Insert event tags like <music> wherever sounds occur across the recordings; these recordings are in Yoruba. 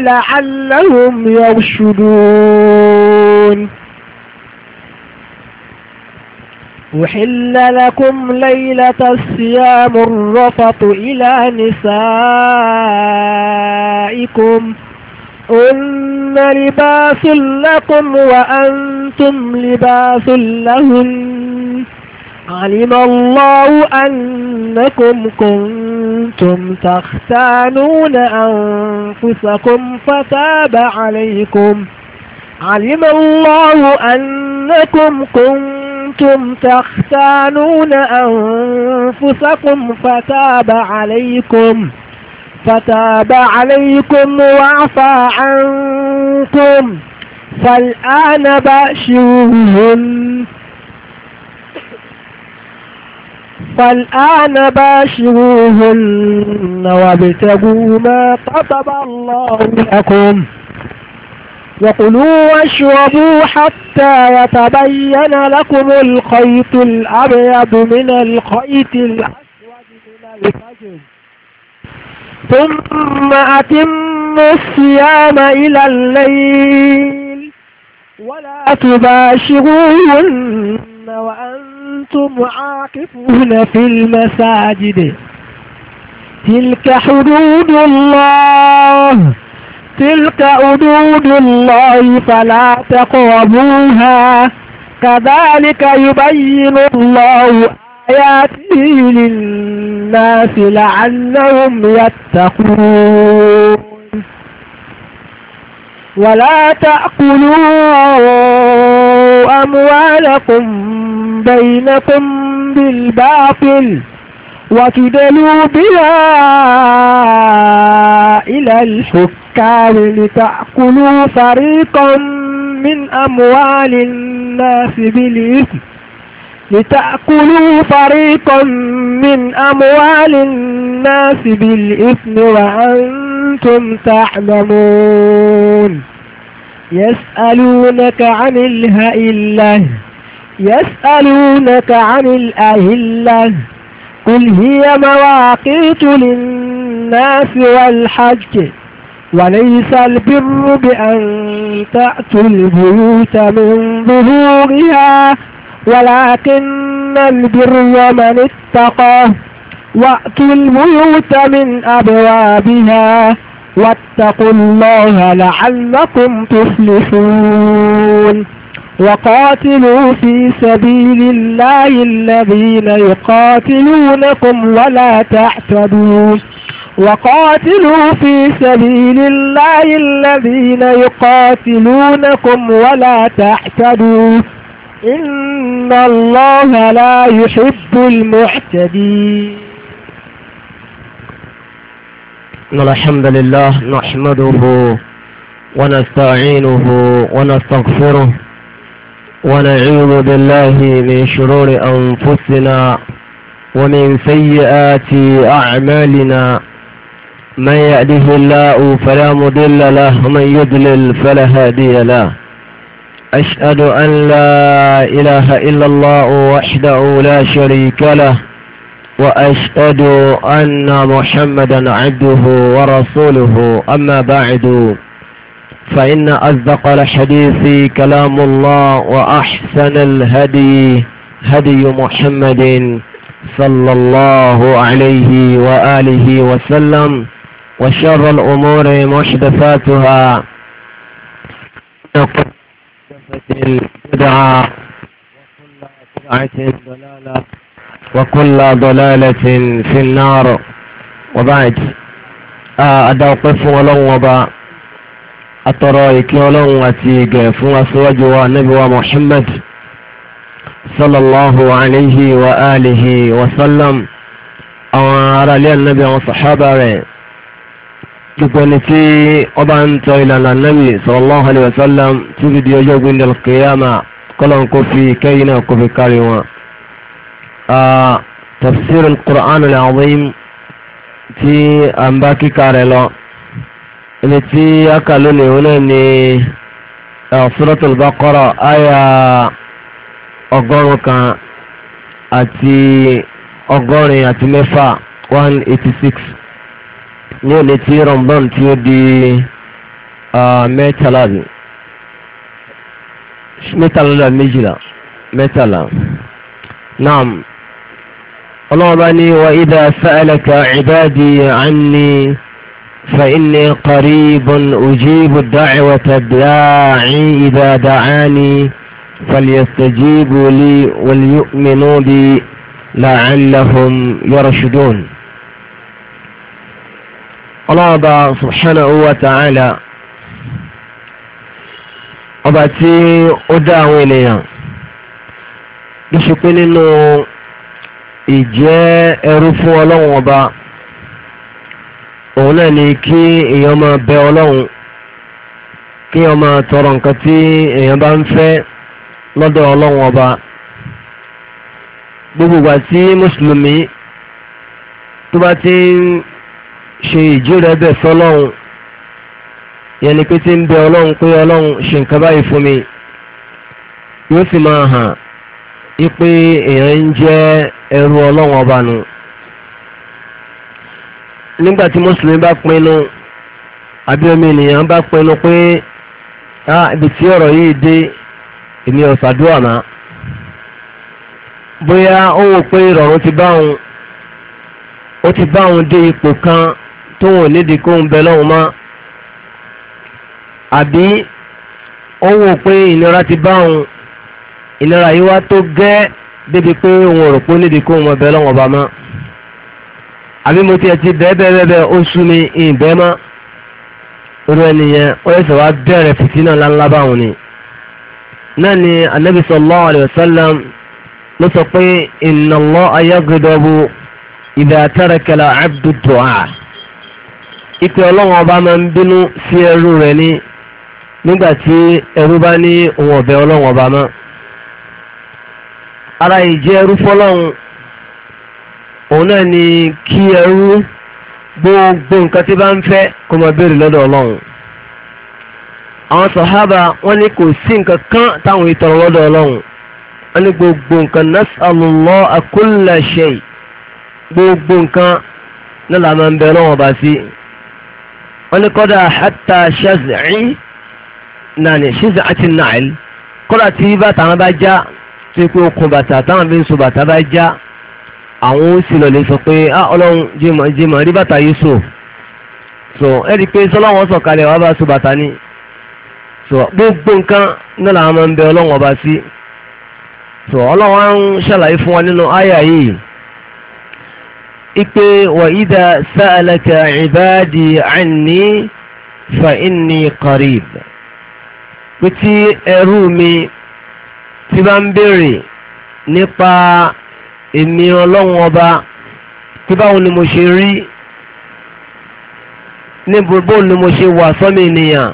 لعلهم يرشدون أحل لكم ليلة الصيام الرفط إلى نسائكم أن لباس لكم وأنتم لباس لهن علم الله أنكم كنتم تختانون أنفسكم فتاب عليكم علم الله أنكم كنتم تختانون أنفسكم فتاب عليكم فتاب عليكم وعفى عنكم فالآن بأشوهن فالآن باشروهن وابتغوا ما كتب الله لكم وكلوا واشربوا حتى يتبين لكم الخيط الأبيض من الخيط الأسود من الفجر ثم أتموا الصيام إلى الليل ولا تباشروهن وأنتم أنتم عاكفون في المساجد تلك حدود الله تلك حدود الله فلا تقربوها كذلك يبين الله آياته للناس لعلهم يتقون ولا تأكلوا أموالكم بينكم بالباطل وتدلوا بها إلى الحكام لتأكلوا فريقا من أموال الناس بالإثم لتأكلوا فريقا من أموال الناس بالإثم وأنتم تعلمون يسألونك عن إلا يسألونك عن الأهلة قل هي مواقيت للناس والحج وليس البر بأن تأتوا البيوت من ظهورها ولكن البر من اتقى وأتوا البيوت من أبوابها واتقوا الله لعلكم تفلحون وقاتلوا في سبيل الله الذين يقاتلونكم ولا تعتدوا وقاتلوا في سبيل الله الذين يقاتلونكم ولا تعتدوا إن الله لا يحب المعتدين الحمد لله نحمده ونستعينه ونستغفره ونعوذ بالله من شرور أنفسنا ومن سيئات أعمالنا من يأله الله فلا مضل له ومن يضلل فلا هادي له أشهد أن لا إله إلا الله وحده لا شريك له وأشهد أن محمدا عبده ورسوله أما بعد فإن أصدق الحديث كلام الله وأحسن الهدي هدي محمد صلى الله عليه وآله وسلم وشر الأمور محدثاتها بدعة وكل بدعة ضلالة وكل ضلالة في النار وبعد آه، أدوقف ولو وبعد atọrọ ìkẹ́ ọlọ́run àti ìgẹ̀ fún aṣíwájú wa nabi wa muhammad sallallahu alayhi wa alihi wa sallam àwọn ará ilé ànábì àwọn sàhábà rẹ̀ gbogbo ẹni tí ó bá ń tọ ìlànà ànábì sallallahu alayhi wa sallam tí fi di ọjọ́ gbin dal qiyama kọ́lọ́n kó fi kẹ́yìn náà kó tafsir quran al-azim tí a ń bá kíkà ẹni tí a kà lónìí òun náà ni Suratul Baqara àyà ọgọ́rùn kan àti ọgọ́rin àti mẹ́fà one eighty six ní òní tí Ramadan tí ó di mẹ́tàlá mẹ́tàlá méjìlá mẹ́tàlá naam ọlọ́wọ́ bá ní wa idha sa'alaka ibadi anni. فإني قريب أجيب الدعوة الداعي إذا دعاني فليستجيبوا لي وليؤمنوا بي لعلهم يرشدون الله سبحانه وتعالى ọba tí ó dá إنه إجاء رفو الله òun náà ni kí èèyàn máa bẹ ọlọ́run kí èèyàn máa tọrọ nǹkan tí èèyàn bá ń fẹ́ lọ́dọ̀ ọlọ́run ọba gbogbo ìgbà tí mùsùlùmí tó bá ti ń ṣe ìjú bẹ̀ sọ́lọ́run yẹn ni pé tí ń bẹ ọlọ́run pé ọlọ́run ṣe nǹkan báyìí fún mi yóò ọba nù. nígbà tí mùsùlùmí bá pinnu àbí ọmọ ènìyàn bá pinnu pé ibi tí ọ̀rọ̀ yìí dé èmi ò ṣàdúrà náà bóyá ó wò pé ìrọ̀rùn ti bá òun ó ti bá òun dé ipò kan tóun ò nídìí kóun bẹ lọ́hùn mọ́ àbí ó wò pé ìnira ti bá òun ìnira yìí wá tó gẹ́ débi pé òun ò rò pé nídìí kóun bẹ lọ́hùn ọba mọ́ àbí mo tiẹ̀ ti bẹ́ẹ̀ bẹ́ẹ̀ bẹ́ẹ̀ ó sú mi ìbẹ́ mọ́ irú ẹnìyẹn ó yẹ sọ wá bẹ̀rẹ̀ fìtínà ńláńlá báwọn ni náà ni anabi sallallahu alayhi wa sallam ló sọ pé inna Allah yaghdabu idha taraka al-abdu du'a ìpè ọlọ́run ọba máa ń bínú sí ẹrú rẹ̀ ní nígbà tí ẹrú bá ní òun ọ̀bẹ ọlọ́run ọba mọ́ ara ìjẹ́ ẹrú fọlọ́run òun náà ni kí ẹrú gbogbo nǹkan tí bá ń fẹ́ kó máa béèrè lọ́dọ̀ ọlọ́run àwọn sàhábà wọ́n ní kò sí nǹkan kan táwọn ìtọrọ lọ́dọ̀ ọlọ́run wọ́n ní gbogbo nǹkan nas'alullah kulla shay gbogbo nǹkan náà la máa ń bẹ lọ́wọ́ bá sí wọ́n ní kọ́dà hatta ṣaz'i nàní ṣaz'ati an-na'il kọ́dà tí bàtà wọn bá já tí kò kún bàtà táwọn fi ń so bàtà bá já àwọn ó sì lọ́lẹ̀ sọ pé ah ọlọ́run jimọ̀ rí bàtà Yusuf so ẹ rí i pé sọláwọn sọ̀kalẹ̀ wàá bá so bàtà ni so gbogbo nǹkan náà làwọn máa ń bẹ ọlọ́run ọba sí so ọlọ́run á ń ṣàlàyé fún wa nínú àyà yìí ipe wà ìdá sa'alaka ìbáàdì anni fa inni qarib ẹrú mi ti bá ń béèrè nípa èmi ọlọ́run ọba tí báwo ni mo ṣe rí níbo bóun ni mo ṣe wà sọ́mi ènìyàn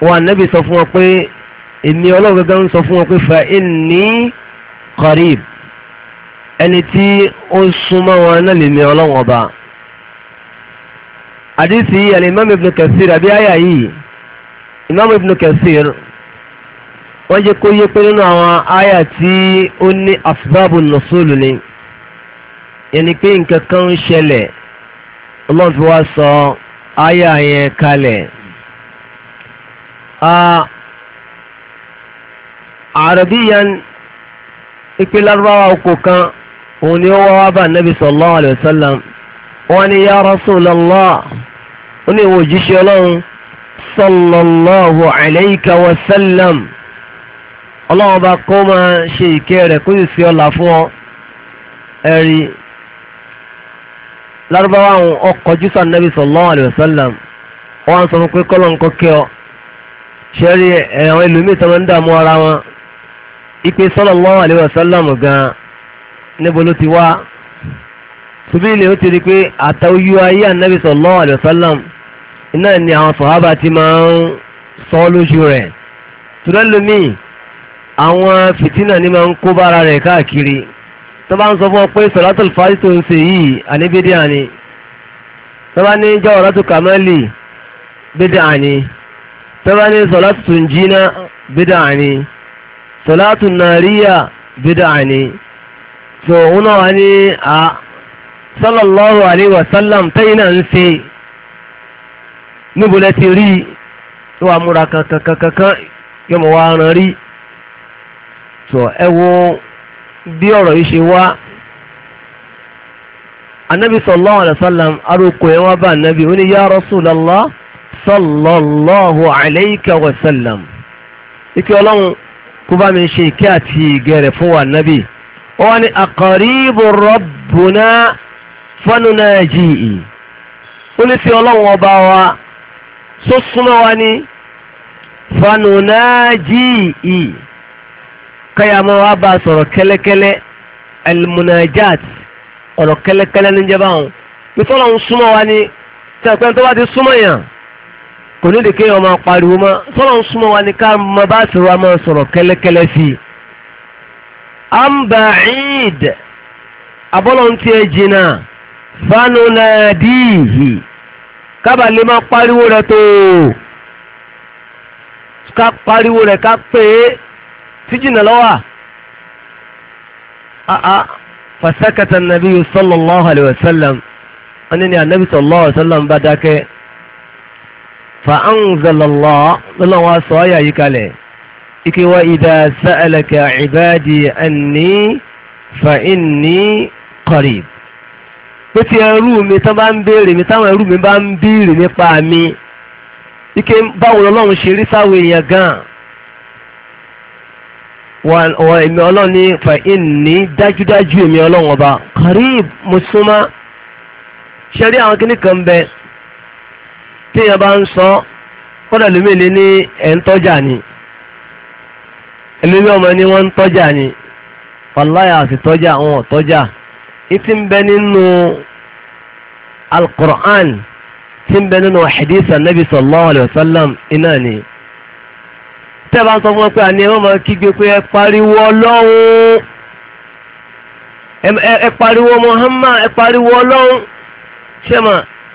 wọn ànábì sọ fún wọn pé èmi ọlọ́run gẹ́gẹ́ ń sọ fún wọn pé fa inni qarib ẹni tí ó súnmọ́ wọn náà lèmi ọlọ́run ọba àdìsí alimami ibn Kathir àbí àyà yìí imam ibn Kathir wọ́n jẹ́ kó yé pé nínú àwọn àyà tí ó ní asbábù nùsùlù ni yẹni pé nǹkan kan ń ṣẹlẹ̀ ọlọ́run fi wá sọ àyà yẹn kalẹ̀. àràbíyàn ìpè lárúbáwá oko kan òun ni ó wá wá bá nàbì sallallahu alayhi wọ́n ní ya Rasulullah ó ní ìwòjíṣẹ́ ọlọ́run sallallahu alayka wa sallam ọlọ́run ọba kó máa ṣe ìkẹ́ rẹ̀ kó sì fi ọlà fún ọ ẹ̀rí lárúbáwá àwọn ọkọ̀ jùsọ̀ nàbì sallallahu alaihi wasallam wọ́n sọ fún pé kọ́lọ̀ ń kọ́ kẹ́ ọ ṣẹ́rí ẹ̀wọ̀n ìlúmí tó máa ń dààmú ara wọn ipe sallallahu alaihi gan-an níbo ló ti wá subílẹ̀ ó ti rí pé àtàwíyú ayé ànábì sallallahu alaihi iná ni àwọn sọ̀hábà ti máa ń sọ lójú rẹ̀ tùrẹ́lùmíì àwọn fìtínà ní máa ń kó bára rẹ̀ káàkiri tó bá ń sọ fún ọ pé sọ̀rọ̀tò fàájì tó ń ṣe yìí àníbídé àní tó bá ní jọ ọ̀rọ̀tò kàmẹ́lì bídé àní tó bá ní sọ̀rọ̀tò tùǹjìnà bídé àní sọ̀rọ̀tò nàríyà bídé àní tó òun náà wà ní à sallallahu alayhi wa sallam náà ń ṣe níbo lẹ ti rí tó múra kankan kankan yọmọ wa rán rí sọ ẹ wo bí ọ̀rọ̀ yìí ṣe wá anabi sallallahu alayhi wa sallam arókò ẹ wá bá anabi ó ní yá rasulallah sallallahu alayka wa sallam ike ọlọ́run kó bá mi ṣe ìkẹ́ àti ìgẹ̀rẹ̀ fún wa anabi ó wá ní aqaribu rabbuna fanunaji'i ó ní fi ọlọ́run ọba wa só súnmọ́ wa ní fanunaji'i káyàmọ́ wa bá sọ̀rọ̀ kẹ́lẹ́kẹ́lẹ́ almunajat ọ̀rọ̀ kẹ́lẹ́kẹ́lẹ́ ní jẹba wọn nítorí àwọn súnmọ́ wa ni tẹ̀pẹ́ tó bá ti súnmọ́ yàn kò ní lè kéèyàn máa pariwo mọ́ sọ́nà ń súnmọ́ wa ni ká máa bá sọ̀rọ̀ wa máa sọ̀rọ̀ kẹ́lẹ́kẹ́lẹ́ sí i. ambaid abọ́lọ́ntì ẹ̀ jìnnà fanunadihi kábà lè máa pariwo rẹ̀ tó ká pariwo rẹ̀ ká pè síjìnà lọ́wọ́ àá fasakata nabi sallallahu alayhi wa sallam wani ni anabi sallallahu alayhi wa sallam bá dákẹ́ fa anzalallah lọ́lọ́wọ́ wa sọ ayé àyíkalẹ̀ ike wa idha sa'alaka ibadi anni fa inni qarib pé tí ẹrú mi tán bá ń béèrè mi táwọn ẹrú mi bá ń béèrè nípa mi ike báwo lọ́lọ́run ṣe rí sáwọn èèyàn gan-an wọ èmi ọlọ́run ní fa inni dájúdájú èmi ọlọ́run ọba karib mùsùlùmá ṣẹ́rí àwọn kìnnì kan bẹ téèyàn bá ń sọ kọ́dà lómi lé ní ẹ̀ ń tọ́jà ni ẹlòmí ọmọ ni wọ́n ń tọ́jà ni wàláyà àti tọ́jà àwọn ọ̀tọ́jà ìtì ń bẹ nínú al-Qur'an ń bẹ nínú hadith anabi sallallahu alayhi wa sallam iná ni tẹ́bà ń sọ fún wọn pé àní ẹ máa kígbe pé ẹ pariwo ọlọ́run ẹ pariwo Muhammad ẹ pariwo ọlọ́run ṣẹ́mà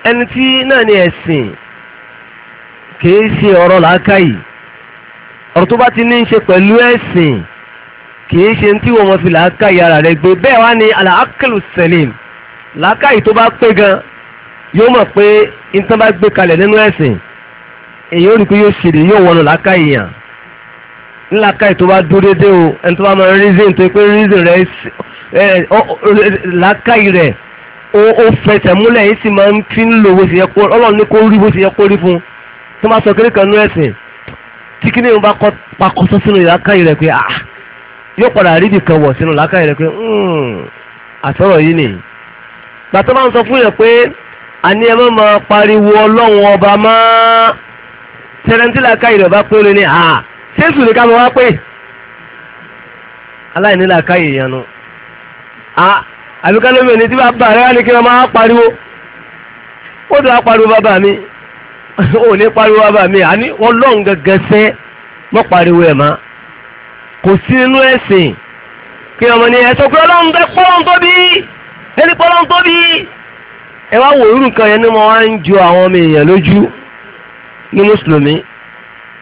ẹni tí náà ni ẹ̀sìn kìí ṣe ọ̀rọ̀ làákàyè ọ̀rọ̀ tó bá ti ní í ṣe pẹ̀lú ẹ̀sìn kìí ṣe tí wọ́n mọ̀ fi làákàyè ara rẹ̀ gbé bẹ́ẹ̀ wá ní al-aqlu salim làákàyè tó bá pé gan yóò mọ̀ pé nǹkan bá gbé kalẹ̀ nínú ẹ̀sìn èyí ó rí i pé yóò ṣèlè yóò wọnú làákàyè yàn ńláka ètò bá dúró dédé o ẹni tó bá máa reason tó pé reason rẹ làákàyè rẹ ó fẹsẹ̀ múlẹ̀ yìí sì máa ń fi ń lò bó ṣe yẹ kó ọlọ́run ní kó rí bó ṣe yẹ kó rí fún un tó bá sọ kéré kan nú ẹ̀sìn tí kí ni ìwọ́n bá kọ́ pakọ́sọ́ sínú làákàyè rẹ pé ah yóò padà rí ibìkan wọ̀ sínú làákàyè rẹ pé hmm, àsọ̀rọ̀ yìí nìyí gbàtọ́ bá ń sọ fún yẹn pé àní ẹ má máa pariwo ọlọ́run ọba máa tẹ̀lẹ́ntì làákàyè rẹ bá pé ó lé ní ah jésù ní ká mọ wá pé aláìníla ká èèyàn nu àbíkálómi ò ní tí bàbá rẹ wá ní kí wọn máa pariwo ó ti wá pariwo bàbá mi ò <laughs> ní pariwo bàbá mi àní ọlọ́run gẹ́gẹ́ sẹ́ mọ́ pariwo ẹ̀ má kò sí nínú ẹ̀sìn kí ọmọ ní ẹ̀sọ́ pé ọlọ́run bẹ́ẹ̀ pọ́lọ́n tó bí ẹni pọ́lọ́n tó bí ẹ wá wò irú nǹkan yẹn ni mo wá ń ju àwọn ọmọ èèyàn lójú ní mùsùlùmí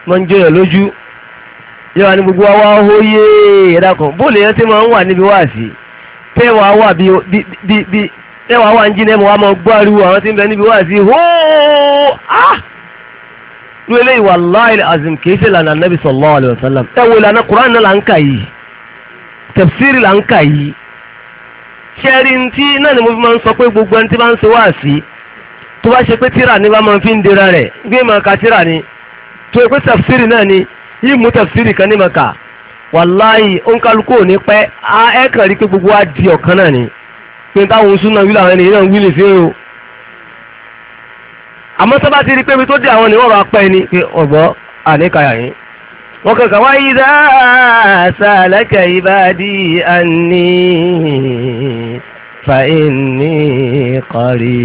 mo ń jọyọ̀ lójú yóò wá ní gbogbo wa wá hóyè ẹ̀dàkùn bóòlù yẹn ti máa ń wà níbi wá sí tẹ́wàá wà bí bí tẹ́wàá wà ń jí nẹ́mu wa máa gbọ́ ariwo àwọn tí ń bẹ níbi wá sí hóó á ní eléyìí wallahi azim kìí ṣe lànà nabi sallallahu alayhi wa sallam ẹ wo ìlànà Qur'an náà là ń kà yìí tafsiri là ń kà yìí ṣẹ́rin tí náà ni mo fi máa ń sọ pé gbogbo ẹni tí bá ń ṣe wá sí tó bá ṣe pé tíra ni bá máa fi ń dira rẹ̀ gbé máa ka tíra ni tó o pé tafsiri náà ni yìí mú tẹ̀síìrì kan ní mẹ́ka wàláyì òǹkálukú ní pẹ́ ẹ kàn rí pé gbogbo wa di ọ̀kan náà ni pé táwọn oṣù náà wílò àwọn ènìyàn náà wílò sí o àmọ́ sábà ti rí pé ibi tó dé àwọn ènìyàn ọ̀rọ̀ apẹ́ ni pé ọ̀bọ̀ àníkàyà yín wọ́n kankan wá ìdá sàlákà ìbàdí àní fàìní kọ̀rí.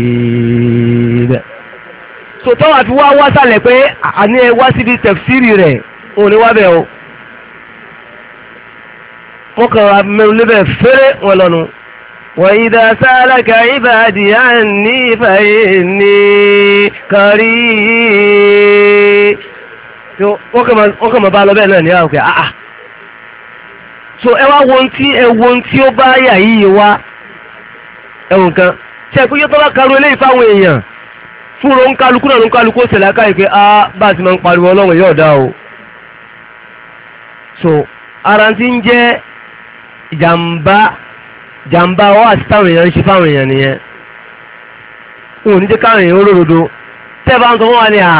sọ̀tọ́ àti wá wá sálẹ̀ pé àní ẹ wá síbi tẹ̀fsíìrì rẹ̀. òun ni o wọ́n kàn wá mẹ́rin níbẹ̀ fẹ́rẹ́ wọn lọ́nu. وإذا سألك عبادي wọ́n kàn máa bá lọ bẹ́ẹ̀ náà ní àwọn àà ah, ah. so ẹ wá wọn tí ẹ wo tí ó bá yà yìí wá ẹwọn kan pé yóò tọ́ bá karu eléyìí fáwọn èèyàn kálukú náà kálukú ó a ah, bá a ti máa ń pariwo ọlọ́run yóò o. so ara ti ń jẹ́ jàǹbá jàǹbá ọwọ́ àti táwọn èèyàn ń ṣe fáwọn èèyàn nìyẹn wọn ò ní jẹ́ káwọn èèyàn olódodo tẹ́ ẹ bá ń sọ fún wa ni à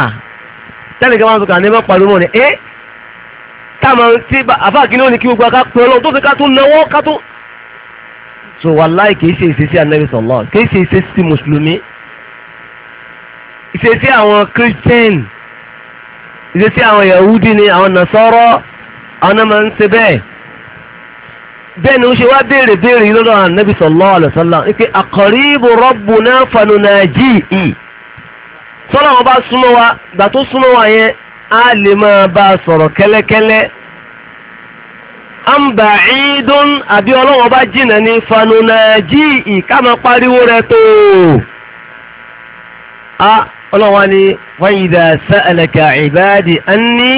tẹ́lẹ̀ kí wọ́n sọ kà ní bá pàdé mọ́ ni ẹ́ eh, táwọn tí àfa kìíní ò kí gbogbo aká pé ọlọ́run tó fi ká tún náwó ká tún. so wàláì kìí ṣe ìṣesí anabi sọlọ kìí ṣe ìṣesí mùsùlùmí ìṣesí àwọn kírísítẹ́nì ìṣesí àwọn yahudi ni àwọn nasọ́rọ́ àwọn náà máa ń ṣe bẹ́ẹ̀ bẹ́ẹ̀ ni ó ṣe wá béèrè béèrè yìí lọ́dọ̀ ànábì sallallahu alaihi wasallam ní pé aqaribu rabbuna fanunaji'i sọ́nà wọn bá súnmọ́ wa gbà tó súnmọ́ wa yẹn á lè máa bá a sọ̀rọ̀ kẹ́lẹ́kẹ́lẹ́ am ba'idun àbí ọlọ́wọ́n bá jìnà ní fanunaji'i ká máa pariwo rẹ̀ tó a ọlọ́wọ́n ni wa idha sa'alaka ibadi anni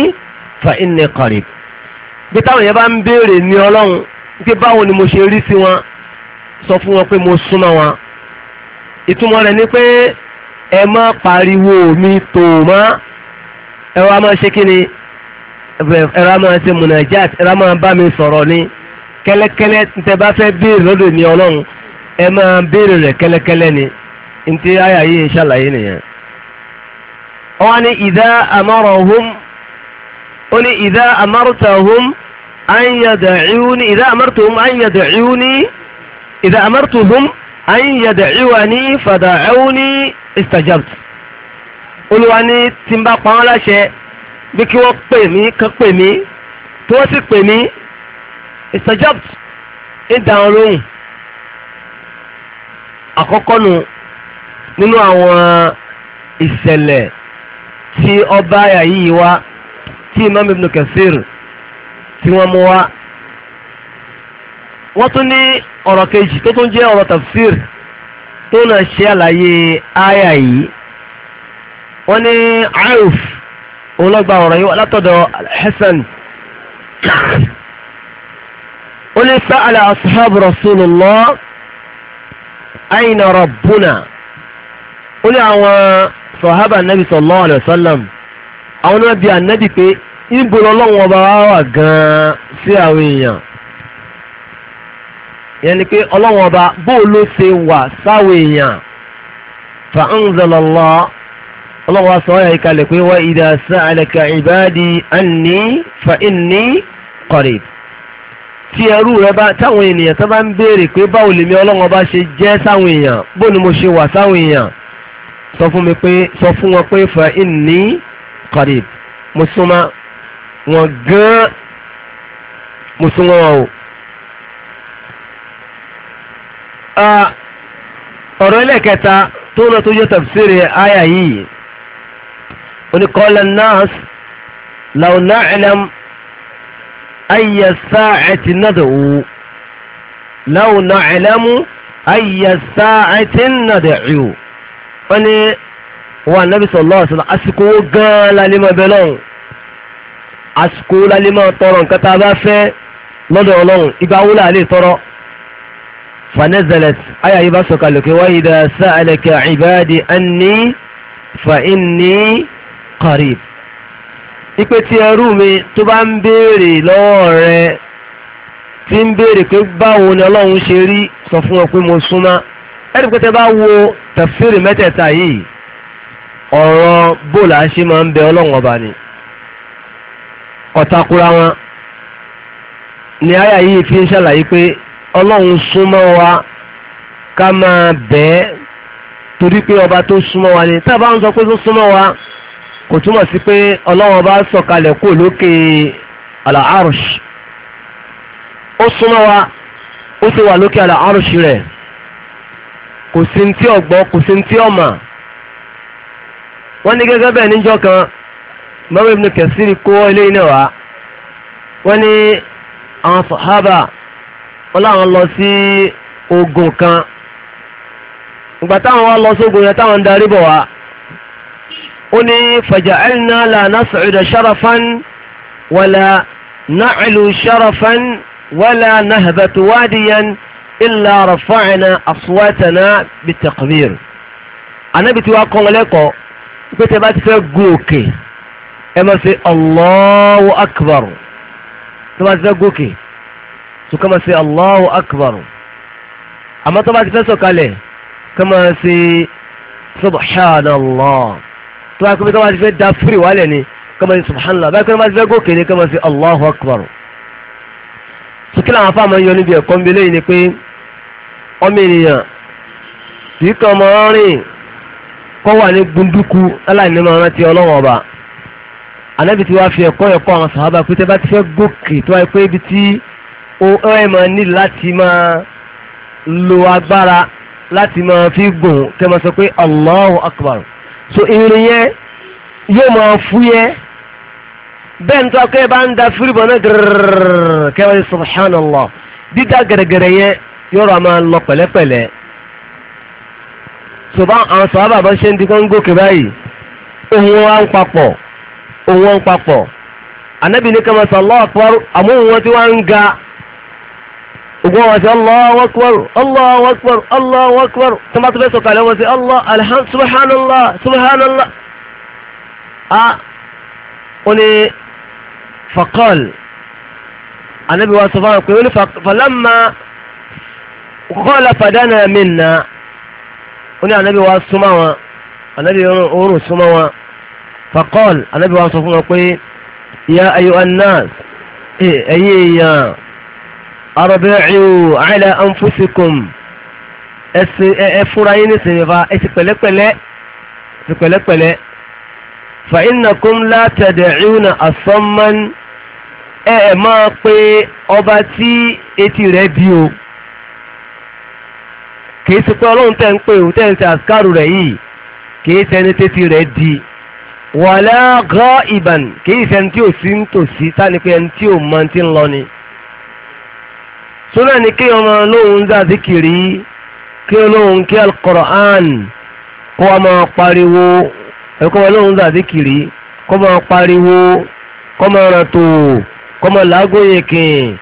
fa inni bí táwọn yẹn bá ń béèrè ní ọlọ́run pé báwo ni mo ṣe rí sí wọn sọ fún wọn pé mo súnmọ́ wọn ìtumọ̀ rẹ̀ ni pé ẹ má pariwo mi tò mọ́ ẹ wá ṣe kí ni ẹ wá ṣe munajat ẹ wá bá mi sọ̀rọ̀ ni kẹ́lẹ́kẹ́lẹ́ tẹ bá fẹ́ béèrè lọ́dọ̀ ní ọlọ́run ẹ máa béèrè rẹ̀ kẹ́lẹ́kẹ́lẹ́ ni ntí àyà yìí ṣàlàyé nìyẹn. wọ́n ní ìdá àmọ́rọ̀ hum ó ní ìdá àmọ́rọ̀ tà أن يدعوني إذا أمرتهم أن يدعوني إذا أمرتهم أن يدعوني فدعوني استجبت Olúwa ní tí n bá pa wọ́n láṣẹ bí kí wọ́n pè mí kán pè mí tí wọ́n sì pè mí istajabt ń lóhùn àkọ́kọ́ nu nínú àwọn ìṣẹ̀lẹ̀ tí ọba àyà yìí wá tí Imam Ibn Kathir tí wọ́n mú wá. wọ́n tún ní ọ̀rọ̀ kejì tó tún jẹ́ ọ̀rọ̀ tafsir tó náà ṣe àlàyé àyà yìí. wọ́n ní Auf òun lọ́gba ọ̀rọ̀ yìí látọ̀dọ̀ Hasan. ó ní sa'ala ashabu rasulullah aina rabbuna ó ní àwọn sọ̀hábà nabi sallallahu alayhi wa àwọn náà bí anabi pé ibo lọ́lọ́wọ́n ọba wa wà gan-an sí àwọn èèyàn yẹn ni pé ọlọ́wọ́n ọba bóò ló ṣe wà sáwọn èèyàn fa anzalallah ọlọ́wọ́n aṣọ ọ̀yà ìkàlẹ̀ pé wa idha sa'alaka ibadi anni fa inni qarib tí ẹrú rẹ bá táwọn ènìyàn tó bá ń béèrè pé báwo lèmi ọlọ́wọ́n ọba ṣe jẹ́ sáwọn èèyàn bóò ni mo ṣe wà sáwọn èèyàn sọ fún mi pé sọ fún wọn pé fa inni qarib mo súnmọ́ wọn gan mo sún wọn o. ọ̀rọ̀ ẹlẹ́kẹta tó lọ tó yẹ tafsiri àyà yìí oníkọ́lẹ̀ nas law na'lam ayya sa'ati nad'u law na'lamu ayya sa'ati nad'u wọ́n ní wọn ànábì sallallahu alaihi àsìkò gan-an lálẹ́ mọ́ ẹbẹ̀ lọ́hùn àsìkò la lè máa tọrọ nǹkan tá a bá fẹ́ lọ́dọ̀ ọlọ́run ìgbà wo la lè tọrọ. فنزلت آية يبسك لك وإذا سألك عبادي أني فإني قريب ipe tí ẹrú mi tó bá ń béèrè lọ́wọ́ rẹ tí ń béèrè pé báwo ni ọlọ́run ṣe rí sọ fún ọ pé mo súnmọ́ ẹni pé tẹ bá wo tafsiri mẹ́tẹ̀ẹ̀ta yìí ọ̀rọ̀ bóòlù àṣẹ ń bẹ ọlọ́run ọba ni ọ̀takura wọn ni àyà yìí fi ń ṣàlàyé pé ọlọ́run súnmọ́ wa ká máa bẹ́ẹ̀ torí pé ọba tó súnmọ́ wa ni tá a bá ń sọ pé tó súnmọ́ wa kò túmọ̀ sí pé ọlọ́run ọba sọ̀kalẹ̀ kó lókè àlàárùs ó súnmọ́ wa ó sì wà lókè àlàárùs rẹ̀ kò sí ní tí ọ̀gbọ́ kò sí ní tí ọ̀mà wọ́n ní gẹ́gẹ́ bẹ́ẹ̀ níjọ́ kan. mọ́wé ibn Kathir kó eléyìí náà wá wọ́n ní àwọn sàhábà wọ́n láwọn lọ sí ogun kan ìgbà táwọn wá lọ sí ogun yẹn táwọn ń darí bọ̀ wá ó ní faja'alna la nas'uda sharafan wala na'lu sharafan wala nahbatu wadiyan illa rafa'na aswatana bitakbir anabi tí kọ́ wọn lẹ́kọ̀ọ́ pé bá ti fẹ́ gun òkè. Okay ẹ máa ṣe Allahu akbar tó bá ti fẹ́ gòkè tó ká máa ṣe Allahu akbar àmọ́ tó bá ti fẹ́ sọ̀kalẹ̀ ká máa ṣe subhanallah tó bá kọ́bí tó bá ti fẹ́ da firi wálẹ̀ ni ká máa ṣe subhanallah báyìí kọ́bí tó bá ti fẹ́ gòkè ni ká máa ṣe Allahu akbar sókè làwọn afáàmọ́ yọ níbi ẹ̀kọ́ ń belé yìí ni pé ọmọ ènìyàn kì í kàn máa rìn kọ́ wà ní gbunduku aláìní máa rántí ọlọ́wọ́n ọba anábì tí wa fi ẹ̀kọ́ ẹ̀kọ́ àwọn sàhábà pé tẹ́ bá ti fẹ́ gòkè tó wáyé pé ibi tí ó ẹ̀ máa ní láti máa lo agbára láti máa fi gùn kẹ́ máa sọ pé Allahu akbar so irin yẹn yóò máa fúyẹ́ bẹ́ẹ̀ nítorí pé bá ń da fúrúbọ̀ náà gẹ́rẹ́rẹ́rẹ́ kẹ́ wọ́n ní subhanallah dídá so bá àwọn sàhábà bá ṣe ń di kán gòkè òun wọn papọ̀ anabi ní kama sọ Allahu akbar àmóhùn wọn tí wọ́n ń ga ògùn wọn sí Allahu akbar Allahu akbar Allahu akbar tó bá tó fẹ́ sọ̀kalẹ̀ wọn sí allah alhamd subhanallah subhanallah a ó ní faqal anabi wa sọ fún wa pé ó ní falamma kọ́lá fàdánà minna ó anabi wa súnmọ́ wọn anabi oorun súnmọ́ wọn fakọ́l anábì wa sọ fún wọn pé ya ayyuhan nas ẹ̀yin èèyàn arbi'u ala anfusikum ẹ fúra yín nísìnyí fa ẹ sì pẹ̀lẹ́pẹ̀lẹ́ sì pẹ̀lẹ́pẹ̀lẹ́ fa innakum la tad'una asamman ẹ ẹ máa pe ọba tí etí rẹ̀ bí o kì í pé ọlọ́run tẹ̀ ń pè ó tẹ̀ ń ṣe àṣkárù rẹ̀ yìí kì í tẹ́tí rẹ̀ di wàlá gọ́ ìbàn kìí ṣe ẹni tí ò sí ń tòsí tani pé ẹni tí ò mọ ti ń lọ ni. sọ́nà ni kí ọmọ lóhùn zàzíkìrì kí olóhùn kí al-Qur'an kó wa máa pariwo ẹ̀kọ́ wọn lóhùn zàzíkìrì kó máa pariwo kó máa ràn tó kó máa làágóyè kìn.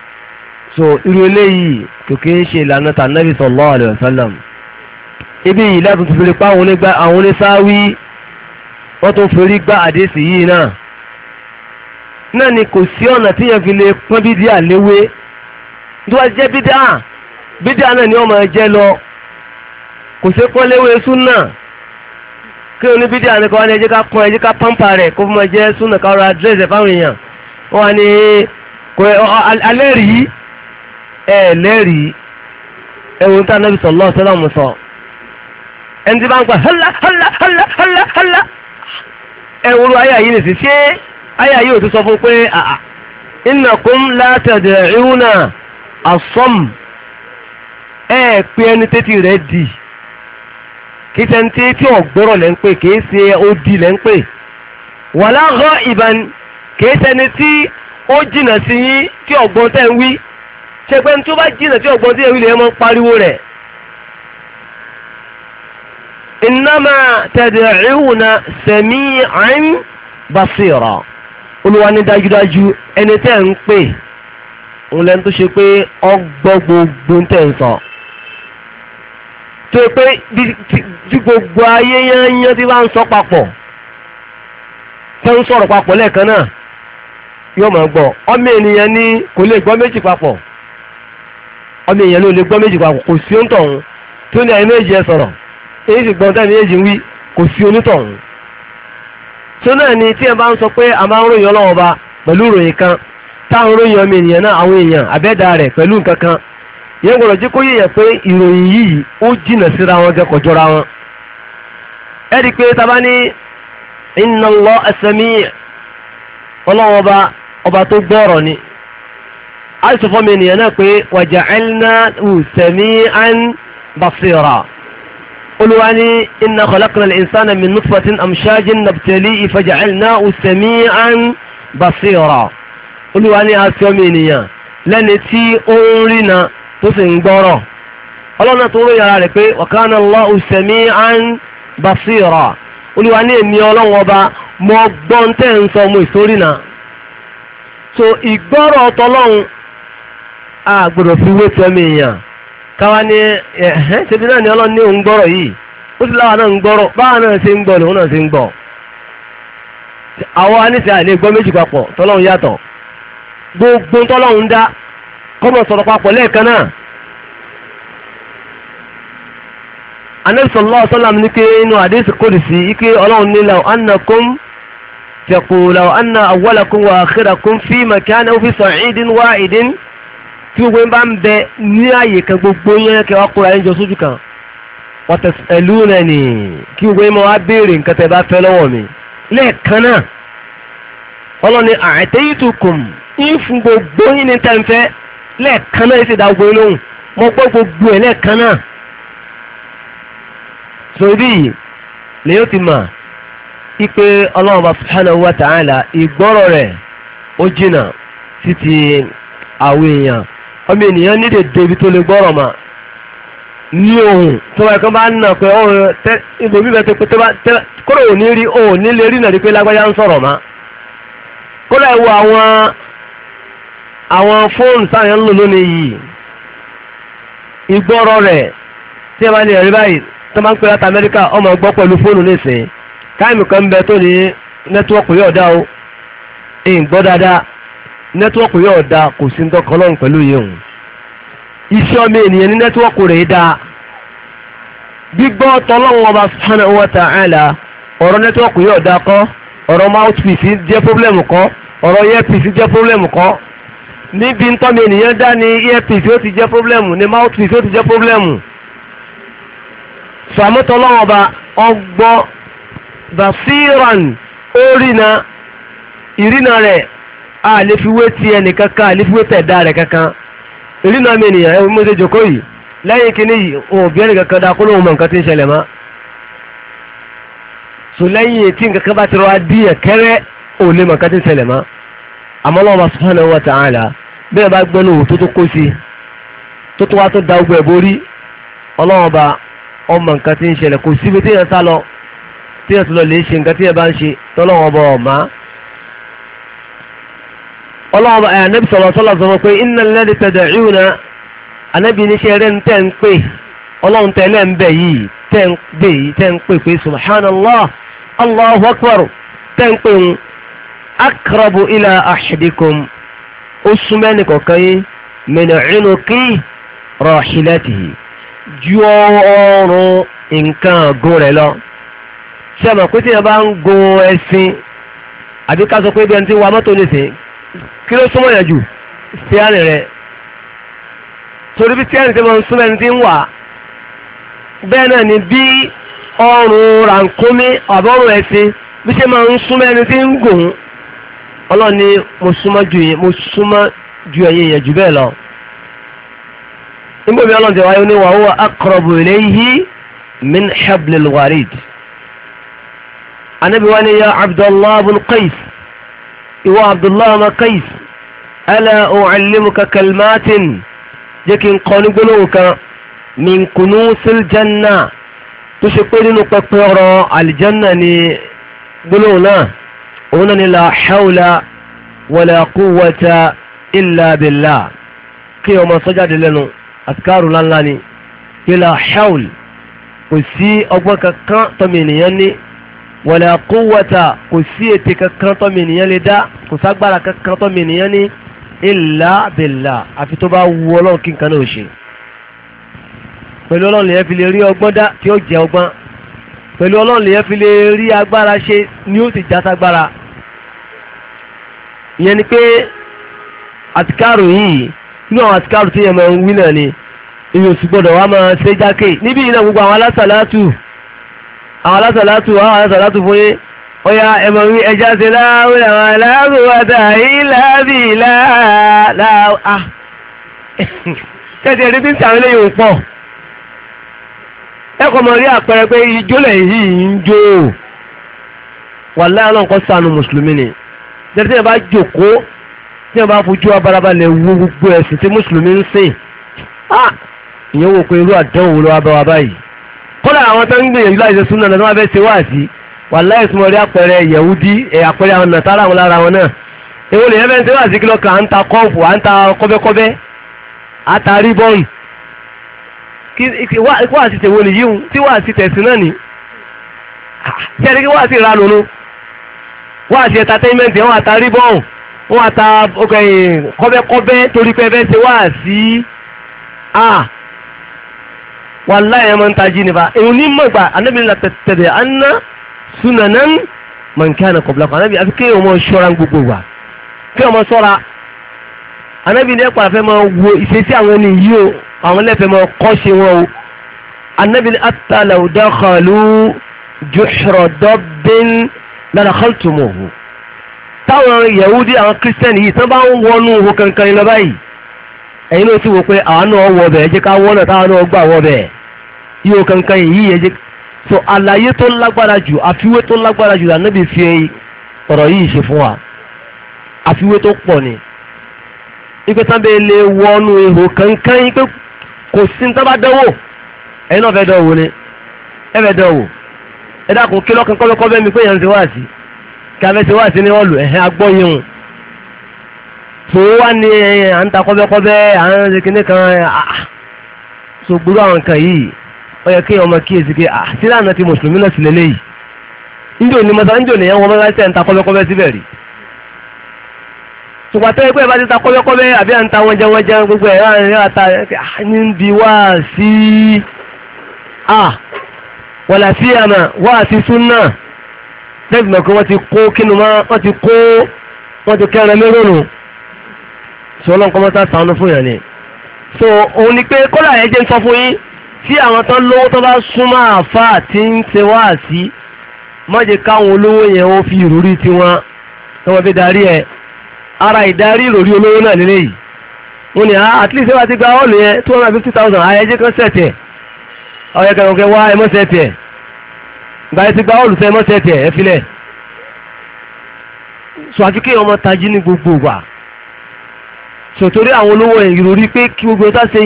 so irú eléyìí kò ń ṣe ìlànà tà nàbì sallallahu ibi yìí láti fi lè pa àwọn onísáwí wọ́n tún forí gbá àdéhùn yìí náà náà ni kò sí ọ̀nà tí yẹn fi lè pọ́n bídíà léwé tí wọ́n jẹ́ bídíà bídíà náà ni wọ́n máa jẹ́ lọ kò sí pọ́n léwé súnà kí ni bídíà ni kò wá ní ẹjẹ́ ká pọ́n ẹjẹ́ ká pọ́npà rẹ̀ kó fún ma jẹ́ súnà ká rọra dírẹ́sì fáwọn èèyàn wọ́n wá ní alẹ́ rí ẹ̀ lẹ́rìí ẹ̀wọ̀n tí a nábì sallallahu alaihi wasallam ẹni tí bá ń pa hàlá hàlá hàlá hàlá hàlá ẹwúrú ayé yìí nìsí ṣé ayé yìí ò ti sọ fún pé innakum la tad'una as-samm ẹ pé ẹni tẹ́tì di, dì kí sẹ́ńtì tí ọ̀gbọ́rọ̀ lẹ́ ń pè kì í ṣe odi lẹ́ ń pè wala gha'iban kì í ṣẹni tí ó jìnà sí yín tí ọ̀gbọ́n tẹ́ ń wí bá jìnà tí ọ̀gbọ́n tẹ́ ń wí lè mọ́ pariwo rẹ̀ إنما تدعون سميعا بصيرا Olúwa ní dájúdájú ẹni tẹ́ ń pè ń lẹ́nu tó ṣe pé gbogbo ń tẹ̀ ń sọ tó pé bí gbogbo ayé yányán tí bá ń sọ papọ̀ tẹ́ ń sọ̀rọ̀ papọ̀ lẹ́ẹ̀kan náà yóò máa gbọ́ ọmọ ènìyàn ní kò lè gbọ́ méjì papọ̀ ọmọ ènìyàn ló lè gbọ́ méjì papọ̀ kò sí ó ń tó ní èyí sì gbọ́n tẹ́lẹ̀ èyí wí kò sí onítọ̀hún. tó náà ni tí ẹ bá ń sọ pé a máa ń ròyìn ọlọ́wọ́ ba pẹ̀lú ròyìn kan táwọn ròyìn ọmọ ènìyàn náà àwọn èèyàn àbẹ́dà rẹ̀ pẹ̀lú nǹkan kan yẹn gbọ́dọ̀ jẹ́ kó yẹ̀yẹ̀ pé ìròyìn yìí ó jìnà síra wọn gẹ́ kọjọ́ra wọn. ẹ rí i pé tá bá ní inna Allah as-sami' ọlọ́wọ́ ba ọba tó gbọ́rọ̀ ni a sọ fún mi ènìyàn náà pé waja'alnahu sami'an olúwa ní inna khalaqna al-insana min nutfatin amshajin nabtalihi faja'alnahu sami'an basira olúwa ní asọ́mi ènìyàn lẹ́ni tí ó ń rìnà tó sì ń gbọ́rọ̀ ọlọ́run tó ròyìn ara rẹ̀ pé wa kana Allahu sami'an basira olúwa èmi ọlọ́run ọba gbọ́n tẹ́ ń sọ ọmọ ìsórìnà so ìgbọ́rọ̀ ọtọlọ́run a gbọ́dọ̀ fi wé tọ́mi èèyàn káwa ní ẹ̀hẹ́n ṣe bí náà ni ọlọ́run ní òun gbọ́rọ̀ yìí ó sì láwa náà ń gbọ́rọ̀ báwa náà ṣe ń gbọ́ lòun náà ṣe ń gbọ́ àwọn aníṣẹ́ àlè gbọ́ méjì papọ̀ tọ́lọ́run yàtọ̀ gbogbo tọ́lọ́run dá kọ́mọ̀ sọ̀rọ̀ papọ̀ lẹ́ẹ̀kan náà anabi sallallahu alaihi ní pé inú àdéhùn kòdìsí ike ọlọ́run ní law anna awwalakum wa akhirakum fi makanin fi sa'idin tí gbogbo yín bá ń bẹ ní àyè kan gbogbo yín kẹ́ wá kóra yín jọ sójú kan wọ́tẹ̀ ẹ̀lú rẹ̀ nì kí gbogbo yín máa wá béèrè nǹkan tẹ́ bá fẹ́ lọ́wọ́ mi lẹ́ẹ̀kan náà ọlọ́ni àtẹ́yìntùkùn yín fún gbogbo yín ní tẹ́ǹfẹ́ lẹ́ẹ̀kan náà ṣe dáa lóhùn mo gbọ́ gbogbo ẹ̀ lẹ́ẹ̀kan náà sórí yìí lèyó ti mà ipe ọlọ́run bá subhanahu wa ta'ala ìgbọ́rọ̀ rẹ̀ ó jìnnà sí ti àwọn èèyàn. ọmọ ènìyàn nílè débi tó lè gbọ́rọ̀ mà ní ohun tó bá kan bá ń nà pé ohun tẹ ibo bíbẹ tó pé tó bá kóró ò ní rí ohun nílé rí nà pé lágbájá ń sọ̀rọ̀ mà kódà ìwọ àwọn àwọn fóònù sáyẹn ń lò lónìí yìí ìgbọ́rọ̀ rẹ̀ tí ẹ bá báyìí tó máa ń pè láti Amẹ́ríkà ọmọ gbọ́ pẹ̀lú fóònù nísìnyí kan bẹ tó ní nẹ́tíwọ́ọ̀kù yóò dá o dáadáa. nẹ́tíwọ́ọ̀kù yóò da kò sí ní tọkọ ọlọ́run pẹ̀lú yẹn o iṣẹ́ ọmọ ènìyàn ní nẹ́tíwọ́ọ̀kù rẹ̀ da gbígbọ́ tọ́lọ́run ọba subhanahu wa ta'ala ọ̀rọ̀ nẹ́tíwọ́ọ̀kù yóò da kọ́ ọ̀rọ̀ mouthpiece jẹ́ pọ́blẹ́mù kọ́ ọ̀rọ̀ earpiece jẹ́ pọ́blẹ́mù kọ́ níbi ntọ́mi ènìyàn dá ní earpiece ó ti jẹ́ pọ́blẹ́mù ní mouthpiece ó ti jẹ́ pọ́blẹ́mù sàmútọ́lọ́wọ́ ọba basiran ó rìnà ìrìnà rẹ̀ a lè fi wé ti ẹnì kankan a lè fi wé tẹ̀dá rẹ̀ kankan èrí náà mi ènìyàn ẹ mo ṣe jòkó yìí lẹ́yìn kínní yìí òbí ẹnì kankan dáa kó lóun mọ nǹkan tí ń ṣẹlẹ̀ mọ́ so lẹ́yìn etí nǹkan kan bá ti rọra dí ẹ̀kẹ́rẹ́ òun lè mọ nǹkan tí ń ṣẹlẹ̀ mọ́ àmọ́ Allah subhanahu wa ta'ala bẹ́ẹ̀ bá gbẹ́nu òwò tó tó kó sí tó tó wá tó da ogun ẹ̀ borí ọlọ́wọ́n ba ọmọ nǹkan tí ń ọlọ́wọ́ ẹ̀ anábì sọ̀rọ̀ sọ́lá sọ pé iná lẹ́dí tẹ̀dẹ̀ ìhùnà anábì níṣẹ́ rẹ̀ ń tẹ̀ ń pè ọlọ́run tẹ̀lé ń bẹ̀ yìí tẹ̀ ń bẹ̀ yìí tẹ̀ ń pè pé subhanallah allahu akbar tẹ̀ ń pè ń akrabu ila ahadikum ó súnmẹ́ kọ̀ọ̀kan yín mẹ́nà ìnú kí rọ̀ṣìlẹ́tì ju ọrùn nǹkan ọ̀gùn rẹ̀ lọ ṣé àmọ̀ pé tí yẹn bá ń gun ẹṣin àbí ká sọ pé bí ẹni tí wa mọ́tò nìsín kí ló súnmọ́ yẹn jù síárì rẹ̀ torí bí síárì ti máa ń súnmọ́ ẹni tí ń wà bẹ́ẹ̀ náà ni bí ọrùn rànkúnmí àbọ̀rùn ẹ̀sìn bí ṣe máa ń súnmọ́ ẹni tí ń gùn ọlọ́ni mo súnmọ́ ju yẹn mo súnmọ́ ju ẹ̀yìn yẹn jù bẹ́ẹ̀ lọ nígbà mi ọlọ́run ti wáyé ní wa huwa aqrabu min hablil warid anabi ya abdullahi abul ìwọ abdullahi ọmọ kais ala u'allimuka kalmatin jẹ́ kí n kọ́ ní gbólóhùn kan min kunusil janna tó ṣe pé nínú pẹpẹ ọ̀rọ̀ aljanna ni gbólóhùn náà òun náà ni la hawla wala quwwata illa billah kí ọmọ sọ́jáde lẹ́nu àtikárù láńlá ni kí la hawl kò sí ọgbọ́n kankan tọ́mì ènìyàn wala quwwata kò sí ètè kankan tó mi nìyẹn lè dá kò ságbára kankan tó mi nìyẹn ní illa billah àfi tó bá wu ọlọ́run kí nǹkan náà ṣe pẹ̀lú ọlọ́run lèyẹn fi lè rí ọgbọ́n dá tí ó jẹ ọgbọ́n pẹ̀lú ọlọ́run lèyẹn fi lè rí agbára ṣe ni ó ti já ságbára ìyẹn ni pé àtikárò yìí nínú àwọn àtikárò tó yẹ máa ń wí náà ni ìyẹn gbọdọ̀ wá máa ṣe jákè níbí yìí gbogbo àwọn alásàlátù àwọn alásàlátù àwọn alásàlátù fún yé ọya ẹmọ wí ẹjá sí láàrín àwọn aláàrùwàdà ìlàbí láàá tẹ́tẹ́ ẹ̀rí tí ń sàrin lẹ́yìn òpọ̀ ẹkọ̀ mọ̀ rí àpẹẹrẹ pé ijó lẹ́yìn yìí ń jó wà láàrín ọkọ̀ sànù mùsùlùmí ni tẹ́tẹ́ ẹ̀ bá jòkóó tí wọ́n bá fojú abarabalẹ̀ wo gbogbo ẹ̀sìn tí mùsùlùmí ń sìn ah! ìyẹn wò pé irú àdánwò ló wá bá wa báyìí kódà àwọn tó ń gbìyànjú láti ṣe súnà náà tó máa fẹ́ ṣe wá sí wà láì súnmọ́ rí àpẹẹrẹ yẹ̀wúdí àpẹẹrẹ àwọn nàtàrà àwọn lára wọn náà èwo lè yẹn fẹ́ ṣe wá sí kìlọ̀ kan à ń ta kọ́ọ̀fù à ń ta kọ́bẹ́kọ́bẹ́ à ta ríbọ̀n wá sí tèwo nìyí hùn tí wá tẹ̀sí náà nì kí wá sí ìranù nu wá sí wọn à ta ríbọ̀n wọn à wàláyé máa ń tají nípa èèyàn e, ní mọ̀ gbà anábìrin la tẹ̀tẹ̀dẹ̀ aná sunanan mọ̀nkánà kọ̀bìlákọ̀ anábì àfi kí èèyàn máa ṣọ́ra gbogbo wa kí èèyàn máa ṣọ́ra anábì ní ẹ̀pà e fẹ́ máa wo ìṣesí àwọn ẹni yìí o àwọn lẹ́fẹ̀ máa kọ́ ṣe wọn o anábì ní atalaw dakhalu juhra dabbin la dakhaltumuhu táwọn yahudi àwọn kírísítẹ́nì yìí tán ń wọnú ohun kankan lọ báyìí ẹ̀yin ló ti wò pé àwọn náà wọ bẹ̀ ẹ jẹ́ ká wọ́n náà táwọn náà gbà wọ bẹ̀ ihò kankan yìí yẹn jẹ́ so àlàyé tó lágbára jù àfiwé tó lágbára jù lànàbì fi ọ̀rọ̀ yìí ṣe fún wa àfiwé tó pọ̀ ni ipe tán bẹ́ẹ̀ lè wọnú ihò kankan yìí pé kò sí ní tábà dánwò ẹ̀yin náà fẹ́ dánwò ni ẹ fẹ́ dánwò ẹ dákun kí lọ́kàn mi pé yẹn ń ṣe kí a fẹ́ ṣe wá sí ní ẹ̀hẹ́ agbọ́ yìí tó ní à ń ta kọ́bẹ́kọ́bẹ́ à ń kan so àwọn nǹkan ó yẹ kí ọmọ kíyèsí pé à ah, sí lánàá ti mùsùlùmí náà sì lélẹ́yìí njò ní mọ́tà njò nìyẹn wọn máa ń sẹ́ńtà kọ́bẹ́kọ́bẹ́ síbẹ̀ rí ṣùgbọ́n àtẹ́wé pé ẹ bá ti ta kọ́bẹ́kọ́bẹ́ àbí à ń ta wọ́njẹ́ wọ́njẹ́ gbogbo ẹ̀ láàrin ẹ̀ àta ah, ní ń wá sí à ah, wàlà sí àmà wá sí súnà lẹ́yìn mọ̀ wọ́n ti kó kínú mọ́ wọ́n ti kó wọ́n ti kẹ́rin mẹ́rọ̀nù sọlọ́nkọ́mọ́tà sànú fún yàn ni so òun ni pé kọ́lá ẹ̀ ń sọ fún yín tí àwọn tó lówó tó bá súnmọ́ àáfàá tí ń ṣe wá sí mọ́jẹ́ káwọn olówó yẹn ó fi ìrúrí tiwọn tó fi darí ẹ̀ ara ìdarí ìròrí olówó náà nílé yìí wọ́n ní ah, ti gba ọ́ọ̀lù yẹn two hundred and fifty thousand ayẹyẹ kan sẹ̀tẹ̀ ọ̀yẹ̀ kan kẹ wá ẹmọ gba ẹ ti gba ọ́ọ̀lù ẹ filẹ̀ gbogbo wa àwọn olówó ìròrí gbogbo ẹ tá ṣe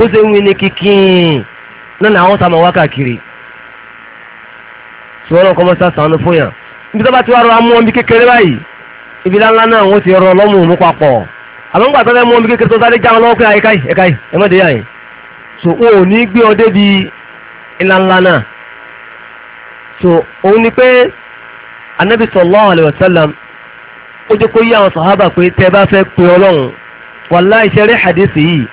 bó ṣe ń wí ní kíkín náà làwọn sàmọ wákàkiri ṣùgbọ́n náà kọ́mọ́sá sànú fún yàn ibi tó bá ti wá rọra mú wọn bí kékeré báyìí ibi ńláńlá náà wọ́n ti rọ lọ́mù mú papọ̀ àmọ́ ńgbà tó fẹ́ mú wọn kékeré tó sáré já wọn lọ́wọ́ pé àyíká yìí ẹ̀ka yìí ẹ̀mọ́ dé yàn yìí so wọn ò ní gbé ọ débi ńláńlá náà so òun ni pé anabi sallallahu alayhi wa sallam ó jẹ́ kó yí àwọn sàhábà pé tẹ́ bá fẹ́ pé ọlọ́run wàláì ṣeré hadisi yìí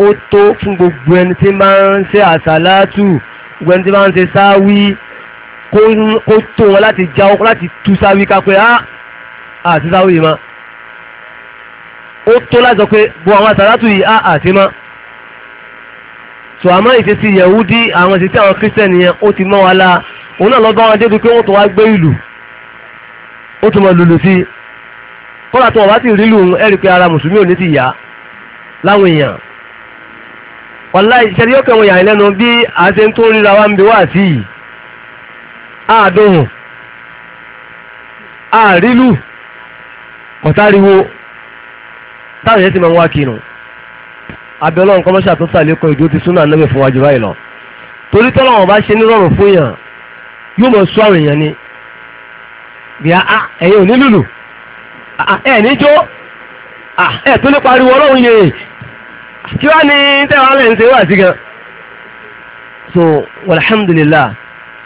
ó tó fún gbogbo ẹni tí máa ń ṣe àṣàlátù gbogbo ẹni tí máa ń ṣe sáwí kó tó wọn láti já ọkọ láti tú sáwí kápẹ́ á àti sáwí yìí mọ́ ó tó láti sọ pé gbogbo àwọn àṣàlátù yìí á àti mọ́ tò àmọ́ ìṣesí yẹ̀wúdí àwọn ìṣesí àwọn kírísítẹ̀nì yẹn ó ti mọ́ wa la òun náà lọ bá wọn débi pé wọ́n tó wá gbé ìlú ó tún mọ lùlù sí i kọ́lá tó wọ́n bá sì rí lù ẹ̀rí pé ara mùsùlùmí ò ní ti yá láwọn èèyàn wàlá ìṣẹ́lẹ̀ yóò kẹwọn yàrá lẹ́nu bí a ń tó ríra wa ń bi wá sí i àádóhùn àrílù kọ̀táriwo táwọn yẹn ti máa ń wá kinu abẹ́ ọlọ́run kọ́mọ́ṣà tó sàlékọ́ ìdúró ti súnà náà fún wájú báyìí lọ torí tọ́lọ́wọ́n bá ṣe nírọ̀rùn fún yàn yóò mọ̀ sọ àwọn èèyàn ni bí a ẹ̀yin ò ní lùlù ẹ̀ níjó ẹ̀ tó ní pariwo ọlọ́run yẹn kí wá ní tẹ́wọ́n lẹ́yìn ṣe wà sí gan. so alhamdulilah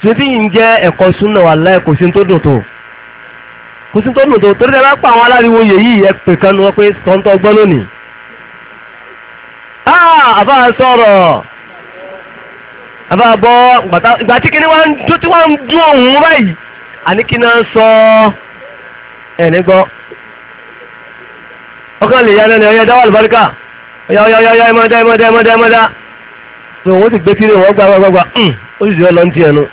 sotí yìí ń jẹ́ ẹ̀kọ́ súnà wà láì kò sí tó dùn tó kò sí tó dùn tó torí ẹ bá pa àwọn aláriwo yèyí ẹ pè kan wọn pé sọ́ńtọ́ gbọ́ lónìí. Ah, àbá sọ̀rọ̀ àbá bọ́ ìgbà tí kíní wọ́n tí wọ́n ń dún òun báyìí àní kí náà sọ ẹ̀ nígbọ́ ọkàn lè yá lẹ́nu ẹ̀yẹ dáwọ́ àlùbáríkà yáyáyáyá ẹmọdá ẹmọdá ẹmọdá ẹmọdá tó wọ́n ti gbé tíré wọ́n gbà gbàgbà hmm, ó sì jẹ́ ọlọ́ntì ẹnu.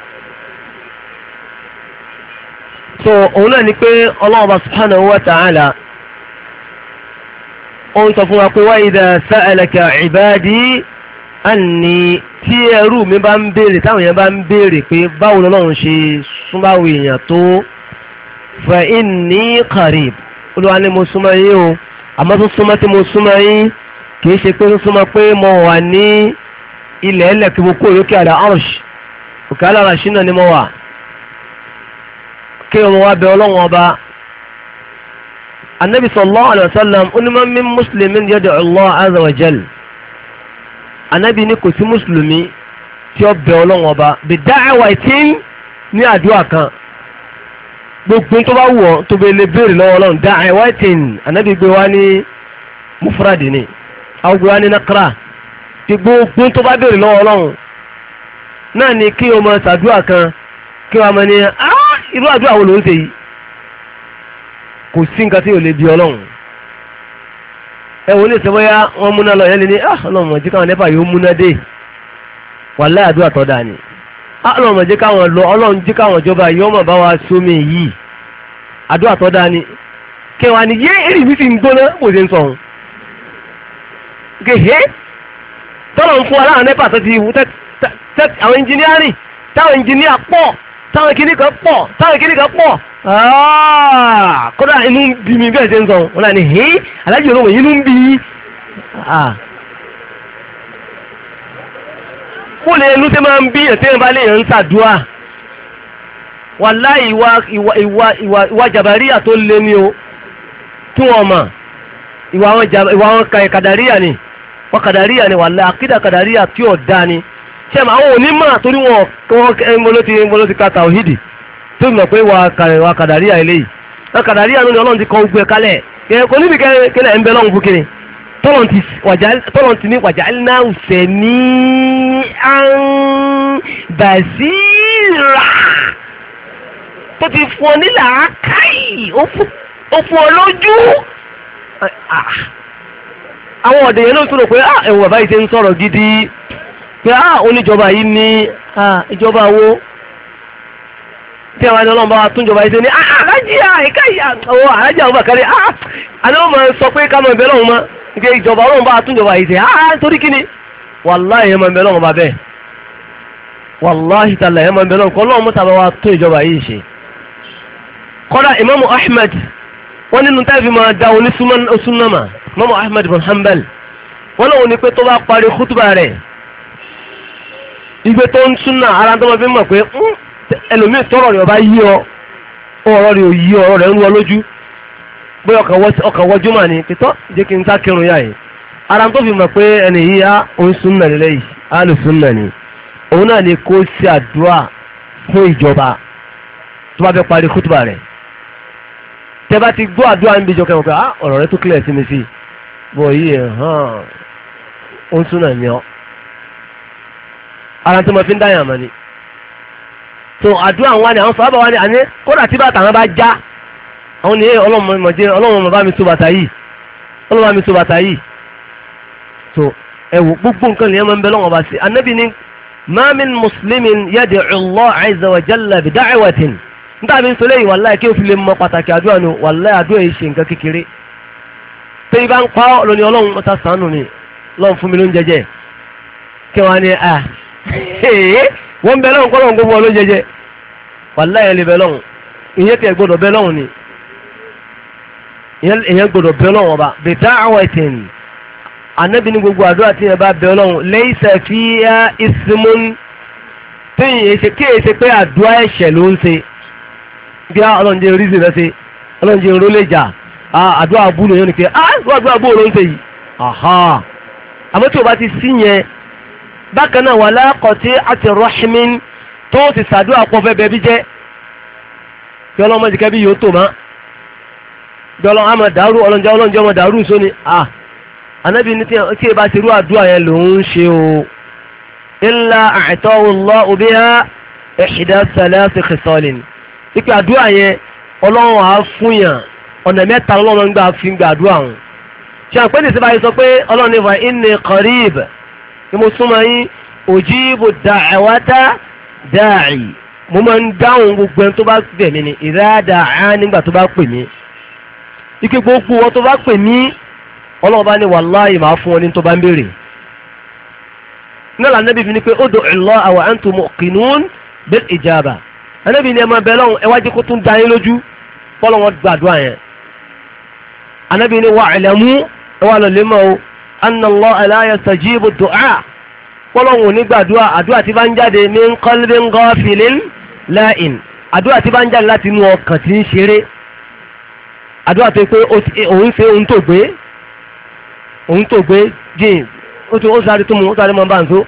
so òun náà ni pé ọlọ́ọ̀bà subhanahu wa ta'ala ó ń sọ fún wa pé wa idha sa'alaka ibadi anni tí ẹrú mi bá ń béèrè táwọn èèyàn bá ń béèrè pé báwo lọ́lọ́run ṣe súnmáwò èèyàn tó fa inni qarib olúwa ni mo súnmọ́ yín o àmọ́ tó súnmọ́ tí mo súnmọ́ yín kìí ṣe pé súnmọ́ pé mo wà ní ilẹ̀ ẹlẹ̀ kí mo kó òrókè àlà arsh òkè àlà arsh náà ni mo wà kí mo wá bẹ ọlọ́wọ́n ọba anabi sallallahu alayhi wa sallam onímọ̀ mi muslimin yad'u Allah azza wa jal anabi ni kò sí mùsùlùmí tí ó bẹ ọlọ́wọ́n ọba bi da'watin ní àdúrà kan gbogbo tó bá wù ọ́ tó bẹ lè béèrè lọ́wọ́ ọlọ́run da'watin anabi gbé wá ní mufradi àwọn gbogbo nàkàrà ti gbogbo tó bá béèrè lọ́wọ́ ọlọ́run náà ni kí o kan kí wọ́n mọ ní irú àdúrà wo ló ń ṣe yìí kò sí nǹkan tí yóò lè bí ọlọ́run ẹ wò lè sọ bóyá wọ́n múná lọ yẹn lé ní ọlọ́run káwọn nípa yóò múná dé àdúrà ni ọlọ́run mọ̀ káwọn lọ gèhé tọ́lọ̀ ń fún wa láwọn nẹ́pà tó ti wù tẹ́tí àwọn ẹnjìníárìn táwọn ẹnjìníà pọ̀ táwọn kìnnì kan pọ̀ táwọn kìnnì kan pọ̀ ah, kódà inú ń bí mi bẹ́ẹ̀ ṣe ń sọ wọn náà ni hí alájì olóhùn inú ń bí mo lè ẹnu tẹ́ máa ń bí ẹ̀tẹ́ ìbá lè ń ṣàdúrà wàláì ìwà ìwà ìwà ìwà ìwà jàbáríyà tó lé ní o tún ọmọ ìwà àwọn kàdàríyà ni wọn kàdàríyà ni wàlẹ́ àkídà kàdàríyà tí ò dá ni ṣe mà àwọn onímọ̀ torí wọn ẹnbọ́ló ti ẹnbọ́ló ti ka tàwíìdì tó mọ̀ pé wà kàdàríyà eléyìí wọn kàdàríyà ni ọlọ́run ti kọ gbogbo ẹ̀ kalẹ̀ kò níbi kẹlẹ̀ ń bẹ lọ́hùn fún kiri tọ́lọ̀ ti ní wàjà iná ọ̀sẹ̀ ní bàṣírà tó ti fún ọ nílà ákáì ó fún ọ lójú. Ah, ah. àwọn ọ̀dẹ̀ yẹn ló tún rò pé ah ẹ̀wọ̀n bàbá yìí ti ń sọ̀rọ̀ gidi pé ah oníjọba yìí ní ah ìjọba wo tí àwọn ẹni ọlọ́mọba túnjọba yìí ti ní ah alájíà ah, ah, ìka yìí àwọn alájíà àwọn ah sọ pé ká máa bẹ lọ́wọ́ mọ́ nígbà ìjọba ọlọ́mọba túnjọba yìí ah, ah torí kíni wàláhì ẹ̀ lọ́wọ́ bá bẹ́ẹ̀ wàláhì wọ́n nínú táìfì máa da onísúnnàmà mọ́mọ́ Ahmed bin Hanbal wọ́n náà wọ́n ní pé tó bá parí kútùbà rẹ̀ ìgbé tó ń súnà ara tó máa fi mọ̀ pé ẹlòmíì tọrọ rẹ̀ ọba yí ọ ọ̀rọ̀ rẹ̀ yí ọ̀rọ̀ rẹ̀ ń wọ lójú pé ọkàn wọ jùmọ̀ ni pẹ̀tọ́ jẹ́ kí n sá kírun yá yìí ara tó fi mọ̀ pé ẹni yìí á òun súnà lélẹ̀ yìí á lè súnà ni òun náà ni kó ṣe àdúrà fún ìjọba tó bá fẹ́ parí kútùbà rẹ̀ tẹ bá ti gbọ́ àdúrà ń bíjọ kẹwọn pé ah ọ̀rọ̀ rẹ tó kílẹ̀ sí mi sí bọ̀ yìí ẹ̀ hàn ó ń súnà ní ọ. ara tó mọ fi ń dáyà mọ́ ni. tó àdúrà wa ni àwọn sábà wa ni àní kódà tí bàtà wọn bá já àwọn ni ọlọ́mọdé ọlọ́mọ bá mi so bàtà yìí ọlọ́mọ bá mi so bàtà yìí. tó ẹ wò gbogbo nǹkan nìyẹn máa ń bẹ lọ́wọ́ bá sí anábì ni ma min muslimin yad'u Allah azza wa jalla bi da'watin níta mi ń sọ lẹ́yìn wàláì kí o fi lè mọ pàtàkì àdúrà ni wàláì àdúrà yìí ṣe nǹkan kékeré pé ibà ń pa ọ́ lónìí ọlọ́run ọ̀tá sànù ni lọ́n fún mi ló ń jẹjẹ kí wọ́n á ní à ah, wọ́n bẹ lọ́hùn kọ́lọ́hùn gbogbo ọ jẹjẹ wàláì lè bẹ lọ́hùn ìyẹn tẹ̀ gbọ́dọ̀ bẹ lọ́hùn ni ìyẹn gbọ́dọ̀ bẹ lọ́hùn ọba bìtá àwọn ẹ̀tìn anabi ni gbogbo àdúrà tí yẹn bá bẹ ismun tí yẹn ṣe kí èyí ṣe pé bí ọlọ́njẹ rízì rẹ ṣe ọlọ́njẹ rólé jà àdúrà abúlé yẹn ni pé wọ́n àdúrà abúlé ló ń ṣe yìí àmọ́ tí o bá ti sí yẹn bákan náà wà lákọ̀tí àti rọ́ṣímín tó ti ṣàdúrà pọ̀ fẹ́ bẹ́ẹ̀ bí jẹ́ kí ọlọ́mọ ti kẹ́bí yóò tó mọ́ bí ọlọ́mọ àmọ̀ dàrú ọlọ́njẹ́ ọlọ́njẹ́ ọmọ dàrú sóni ah anabi ní tí ẹ bá ti rú àdúrà yẹn lòún ṣe o ilà àìtọ́ ọlọ́ òbí ha ẹ̀ṣidá sàlẹ́ àti kìsọ́lìn ike àdúrà yẹn ọlọ́run á fún yàn ọ̀nà mẹ́ta ọlọ́run gbà fi gbà àdúrà hàn ṣe àpé ní ìsìnbáyé sọ pé ọlọ́run nífa inni qarib ni mo súnmọ́ yín ujibu da'wata da'i mo máa ń dáhùn gbogbo ẹni tó bá bẹ̀ mí ni idha da'an nígbà tó bá pè mí ike gbogbo wọn tó bá pè mí ọlọ́run bá ní wàláhì máa fún ọ ní tó bá ń béèrè nílànà bíbí ni pé ud'u Allah wa antum muqinun bil ijaba anabi ni ẹ máa bẹ lọ́hùn ẹ wájú kó tún da yín lójú bọ́lá wọn gbàdúrà yẹn anabi ni wà ẹlẹ́mú ẹ wà lọ́lẹ́ mọ́ o anna Allah la yastajibu du'a bọ́lá wọn ò ní gbàdúrà àdúrà tí bá ń jáde min qalbin ghafilin la'in àdúrà tí bá ń jáde láti inú ọkàn tí ń ṣeré àdúrà tó pé òun ṣe òun tó gbé òun tó gbé jeans ó sáré tó mu ó sáré máa bá ń so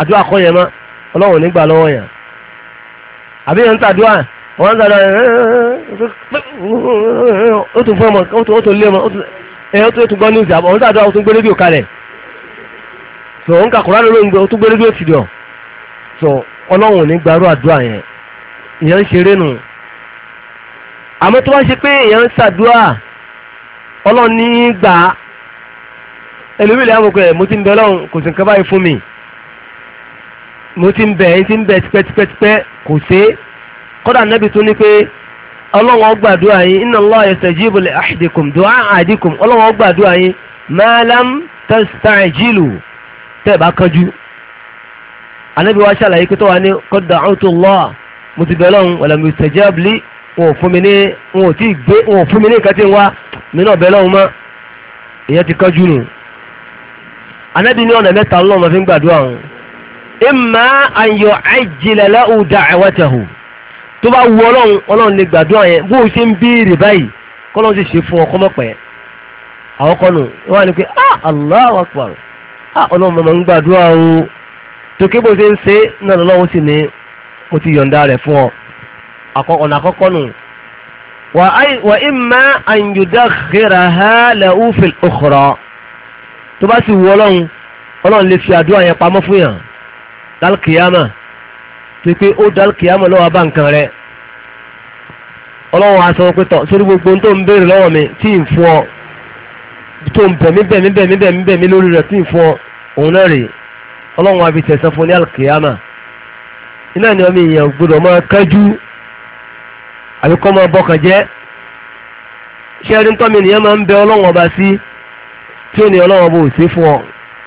àdúrà kọ́ yẹn mọ́ ọlọ́run ò ní gbà lọ́wọ́ yẹn àbí yẹn ń tàdúrà wọ́n ń tàdúrà ó tún fún ọmọ ó tún lé ọmọ ó tún gbọ́ níwùsì àbọ̀ ó ń tàdúrà ó tún gbé rédíò kalẹ̀ so ó ń ka kùránì ló ń gbé ó tún gbé rédíò tì dọ̀ so ọlọ́run ò ní gbarú àdúrà yẹn ìyẹn ń ṣeré nù àmọ́ tó bá ṣe pé èèyàn ń ṣàdúrà ọlọ́run ní í gbà á ẹlòmíì lè àwọn ọkọ ẹ̀ mo ti ń bẹ ọlọ́run kò sí nǹkan báyìí fún mi mo ti ń bẹ̀ ẹ́ ti ń bẹ̀ tipẹ́tipẹ́tipẹ́ kò sí kódà nẹ́bi tún ní pé ọlọ́wọ́n gbàdúrà yín inna Allaha yastajibu li ahadikum du'a ahadikum ọlọ́wọ́n gbàdúrà yín ma lam tastajilu tẹ́ ẹ bá kánjú. anabi wa ṣàlàyé kí tó wà ní qad da'awtu Allah mo ti bẹ̀ lọ́hùn walam yustajab li wọn ò fún mi ní wọn ò tí ì gbé wọn ò fún mi ní nǹkan tí mi náà bẹ̀ lọ́hùn mọ́ ìyẹn ti kánjú nù. anabi ní ọ̀nà mẹ́ta lọ́wọ́ fi ń gbàdúrà imma an yu'ajjila lahu da'watahu tó bá wu ọlọ́run ọlọ́run lè gbàdúrà yẹn bó o ṣe ń béèrè báyìí kọ́lọ́run sì ṣe fún ọ kọ́mọ̀pẹ́ àwọn kọ́nù wọn á ní pé ah Allahu akbar ah ọlọ́run mọ̀mọ́ ń gbàdúrà o tókè bó ṣe ń ṣe náà lọ́wọ́ sì ni mo ti yọ̀ǹda rẹ̀ fún ọ ọ̀nà àkọ́kọ́ nù. wa imma an yudakhiraha lahu fil ukhra tó bá sì wu ọlọ́run ọlọ́run lè fi àdúrà yẹn pamọ́ fún yàn. lálùkìyàmà tó pé ó dálùkìyàmà lọ́wọ́ bá nǹkan rẹ̀ ọlọ́wọ́ aṣọ sórí gbogbo tó ń béèrè lọ́wọ́ mi tí ì fún ọ tó ń bẹ̀mí bẹ̀mí bẹ̀mí bẹ̀mí bẹ̀mí lórí rẹ̀ tí ì fún ọ òun náà rè ọlọ́wọ́ àfi tẹ̀sán fún ní iná ni ọmọ èèyàn gbọdọ̀ máa kájú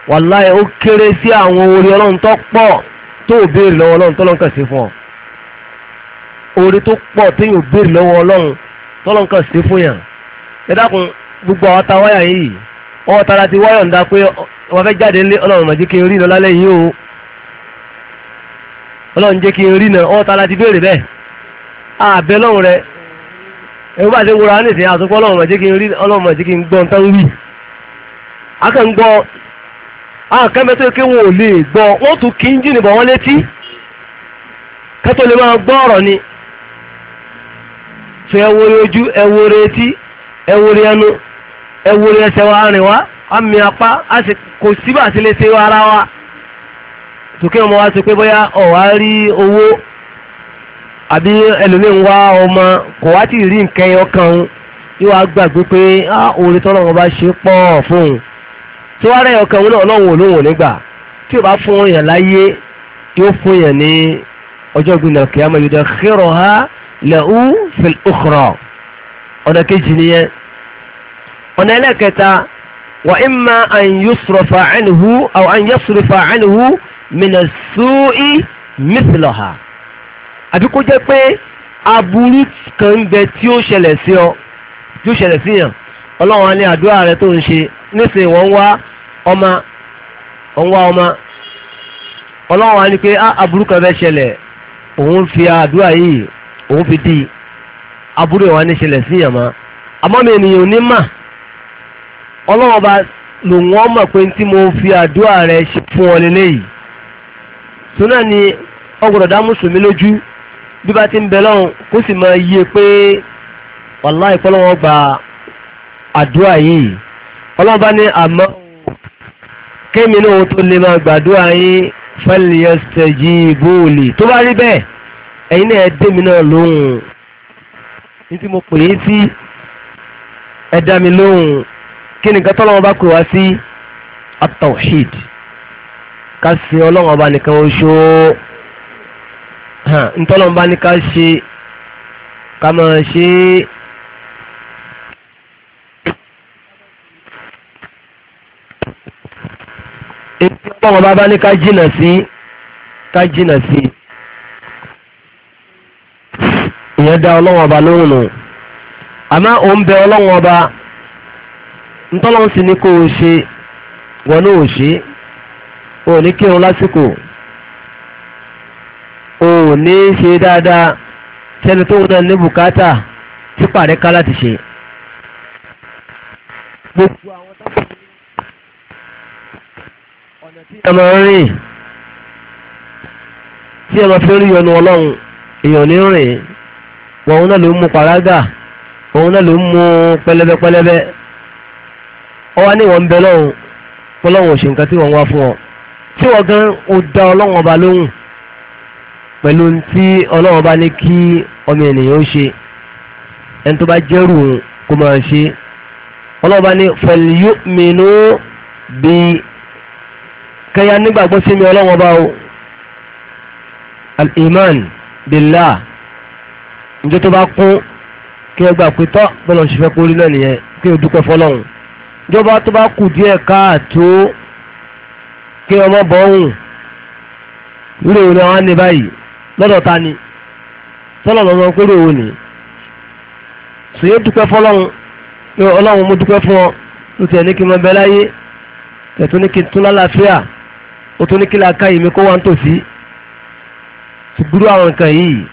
wàláyé ó kéré sí àwọn orí ọlọ́run tó pọ̀ o béèrè lọ́wọ́ ọlọ́run tó lọ́nkàn sí fún ọ orí tó pọ̀ tó yóò béèrè lọ́wọ́ ọlọ́run tó sí fún gbogbo àwọn ta wáyà yìí ọwọ́ tara ti wáyà ń da pé wọ́n fẹ́ jáde lé ọlọ́run kí n rí iná lálẹ́ yìí o ọlọ́run jẹ́ kí n rí iná ọwọ́ tara ti béèrè bẹ́ẹ̀ àbẹ àkẹ́mẹ́tẹ́ ah, kí wọn ò lè gbọ́ wọ́n tún kí ń jìnbọn wọn létí kẹ́tọ́ lè máa gbọ́ ọ̀rọ̀ ni tó ẹ ojú ẹ etí ẹ ẹnu ẹ ẹsẹ̀ wa rìn wá á mi apá á sì kò síbà sí lè ṣe ara wa tòkè ọmọ wa sọ pé bóyá ọ̀wá rí owó àbí ẹlòmíín wá ọmọ kò wá tí rí nǹkan ẹyọ kan yóò wá gbàgbé pé á ah, òòrè tọ́lọ́wọ́n bá ṣe pọ̀ fóun tó wá rẹ̀ ọkàn wọn náà ọlọ́run olóhùn nígbà tí o bá fún yàn láyé yóò fún yàn ní ọjọ́ ìgbìnà kìámà yóò dẹ̀ xírọ̀ ha lẹ́hù fìlùkùrọ̀ ọ̀nà kejì nìyẹn ọ̀nà ẹlẹ́kẹta wà ìmà àn yusrafa anhu aw àn yusrafa anhu mina su'i mithlaha àbí kó jẹ́ pé aburú kan ń tí ó ṣẹlẹ̀ sí ọ tí ó ṣẹlẹ̀ sí yàn. ọlọ́wọ́n á ní àdúrà rẹ tó ń ṣe nísìnyí wọ́n ń wá ọmọ wọ́n ń wá ọmọ ọlọ́run pé ah, fẹ́ ṣẹlẹ̀ òun fi àdúrà yìí òun fi di í aburú ṣẹlẹ̀ sí ènìyàn ní mà bá lò wọ́n mọ̀ pé tí mo fi àdúrà rẹ ṣe fún ọ sọ́nà ni ọgbọ̀dọ̀ máa e pé àdúrà yìí ọlọ́run bá ní àmọ́ kémi náà tó lè máa gbàdúrà yín falyastajibuuli tó bá rí bẹ́ẹ̀ ẹ̀yin náà dé mi náà lóhùn ní tí mo pè é sí ẹ dá mi lóhùn kí nìkan tọ́lọ́wọ́n bá pè wá sí at ká sin ọlọ́run ọba nìkan oṣù ntọ́lọ́run bá ní ká ṣe ká máa ṣe é. tọ́wọ́n bá bá ní ká jìnà sí ká jìnà sí ìyẹn dá ọba lóhùn nù àmọ́ òun bẹ ọlọ́wọ́n ọba ntọ́lọ́hún sì ní kó o ṣe ní o kírun lásìkò o ní ṣe dáadáa sẹ́ni tó ń náà láti ṣe ẹ máa ń rìn tí ẹ máa fi rí ọnu ọlọ́run èèyàn ní rìn òun náà ló ń mu pàrágà òun náà ló ń mu pẹlẹbẹ pẹlẹbẹ ọ wá ní ìwọ̀n ń bẹ lọ́hùn pọ́lọ́hùn òṣè nǹkan tí wọ́n wá fún ọ tí wọ́n gan ó dá ọlọ́run ọba lóhùn pẹ̀lú tí ọlọ́run ọba ní kí ọmọ ènìyàn ó ṣe ẹni tó bá jẹ́rù kó máa ṣe ọlọ́run ọba ní fẹ̀lú yóò mìíràn bíi kẹ́yà nígbàgbọ́ sí mi ọlọ́wọ́n bá o al-iman billah njẹ́ tó bá kún kí ẹ gbà pé tọ́ bọ́lá ń ṣiṣẹ́ kórí náà nìyẹn kí o dúpẹ́ fọlọ́hún ìjọba tó bá kù díẹ̀ káàtó kí ọmọ bọ̀ ọ̀hún lórí òun ni àwọn á ní báyìí lọ́dọ̀ ta ni tọ́lọ̀ lọ́mọ pé lórí òun ni dúpẹ́ fọlọ́hún ọlọ́run mo dúpẹ́ fún ọ lótìẹ̀ ní kí n mọ bẹ láyé tẹ̀tún ní kí n tún lálàáfíà ó tún ní kí la ká ìmí kó wá ń tòsí ṣùgbúrú àwọn nǹkan yìí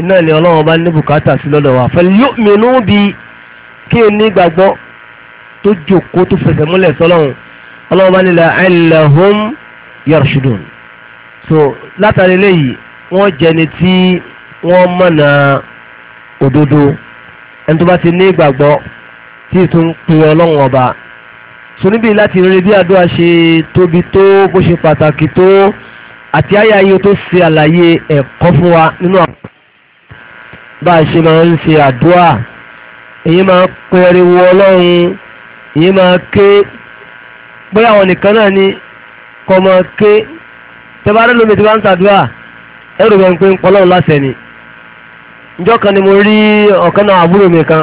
iná ni ọlọ́run bá ní bùkátà sí lọ́dọ̀ wa falyu'minu bi kí o ní gbàgbọ́ tó jókòó tó fẹsẹ̀ múlẹ̀ sọlọ́run ọlọ́run bá ní la'allahum yarshudun so látàrí eléyìí wọ́n jẹni tí wọ́n mọ̀nà òdodo ẹni tó bá ti ní gbàgbọ́ tí ì tún pe ọlọ́run ọba so níbi láti rere bí àdúrà ṣe tóbi tó bó ṣe pàtàkì tó àti àyà yìí tó ṣe àlàyé ẹ̀kọ́ fún wa nínú àwọn bá a ṣe máa ń ṣe àdúrà èyí máa pẹ́ẹ́rẹ́wọ́ ọlọ́run èyí máa ké bóyá àwọn nìkan náà ni kọ́ máa ké tẹ́bárẹ́ lómi tí wọ́n ń ṣàdúrà ẹ̀rù bẹ́ẹ̀ ń pé ń pọ́ ni ìjọ kan ni mo rí ọ̀kan náà àbúrò mi kan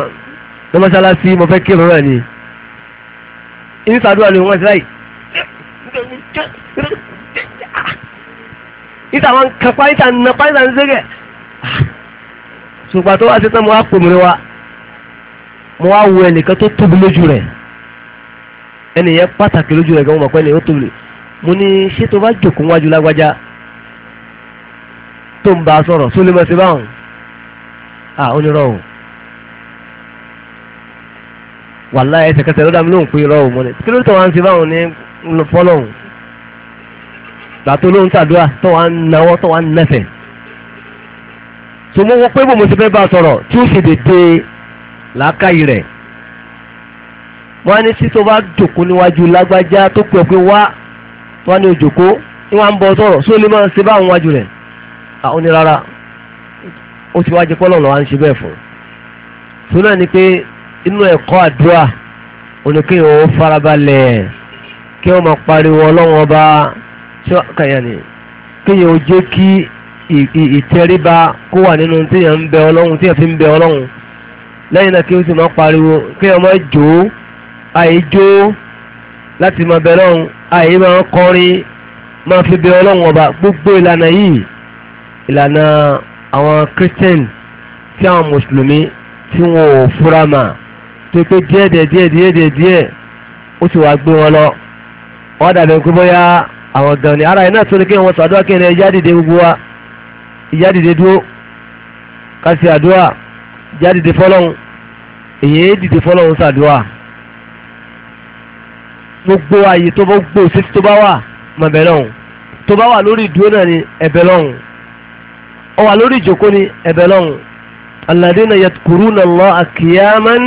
ní mo fẹ́ kí ìrora ni ń sàdúrà lórí wọn sí láì ìta wọn kapa ìta nàpa ìta ń zẹ́gẹ̀ ṣùgbọ́n tó wá sí tán mo wá pè mí wá mo wá wo ẹnìkan tó tóbi lójú rẹ̀ ẹnìyẹn pàtàkì lójú rẹ̀ gan-an mọ̀ pé ẹnìyẹn ó tóbi mo ní ṣé tó bá jòkó wájú lágbájá tó ń bá a sọ̀rọ̀ sólé mọ̀ sí báwọn à onírọ̀ ọ̀hún wàlá ẹsẹ̀ kẹsẹ̀ ló dá mi lóhùn pé irọ́ òun mọ́lẹ̀ kí ló tọ̀ wá ń ṣe báwọn ní fọ́lọ́hùn gbàtó lóhùn tàdúrà tọ̀ wá ń nawọ́ tọ̀ wá ń nẹsẹ̀ so mo wọ pé bò mo ti fẹ́ bá a sọ̀rọ̀ tí ó ṣe dédé làákàyè rẹ̀ wọ́n á ní tí bá jòkó níwájú lágbájá tó pẹ̀ pé wá wọ́n á ní òjòkó ni wọ́n á ń bọ̀ sọ̀rọ̀ só lè máa ń báwọn wájú rẹ̀ àwọn ní ó ti wá pọ́lọ́ inú ẹ̀kọ́ àdúrà oníkéyìn ó farabalẹ̀ kí wọ́n máa pariwo ọlọ́wọ́n bá kàyàní kéyìn ó jẹ́ kí ìtẹríba kó wà nínú téèyàn ń bẹ ọlọ́run téèyàn fi ń bẹ ọlọ́run lẹ́yìn náà kí ó sì máa pariwo kéèyàn máa jó àìjó láti máa bẹ ọlọ́run àì máa kọrin máa fi bẹ ọlọ́run ọba gbogbo ìlànà yìí ìlànà àwọn Christian tí àwọn mùsùlùmí tí wọn ò fura máa tó pé díẹ̀ díẹ̀ díẹ̀ díẹ̀ díẹ̀ díẹ̀ ó sì wá gbé wọn lọ wọ́n dàbí pé bóyá àwọn gan ni ara yẹn náà tó ní kí wọ́n sàdúrà kí ni ìyá dìde gbogbo wa ìyá dìde dúró ká ṣe àdúrà ìyá dìde fọlọ́hún èyí dìde fọlọ́hún sàdúrà gbogbo ààyè tó bá gbò sétí tó bá wà mọ̀ bẹ́ẹ̀ tó bá wà lórí ìdúró náà ni ẹ̀bẹ̀ lọ́hùn ó wà lórí ìjókòó ni ẹ̀bẹ̀ lọ́hùn alladhina yadhkuruna Allaha qiyaman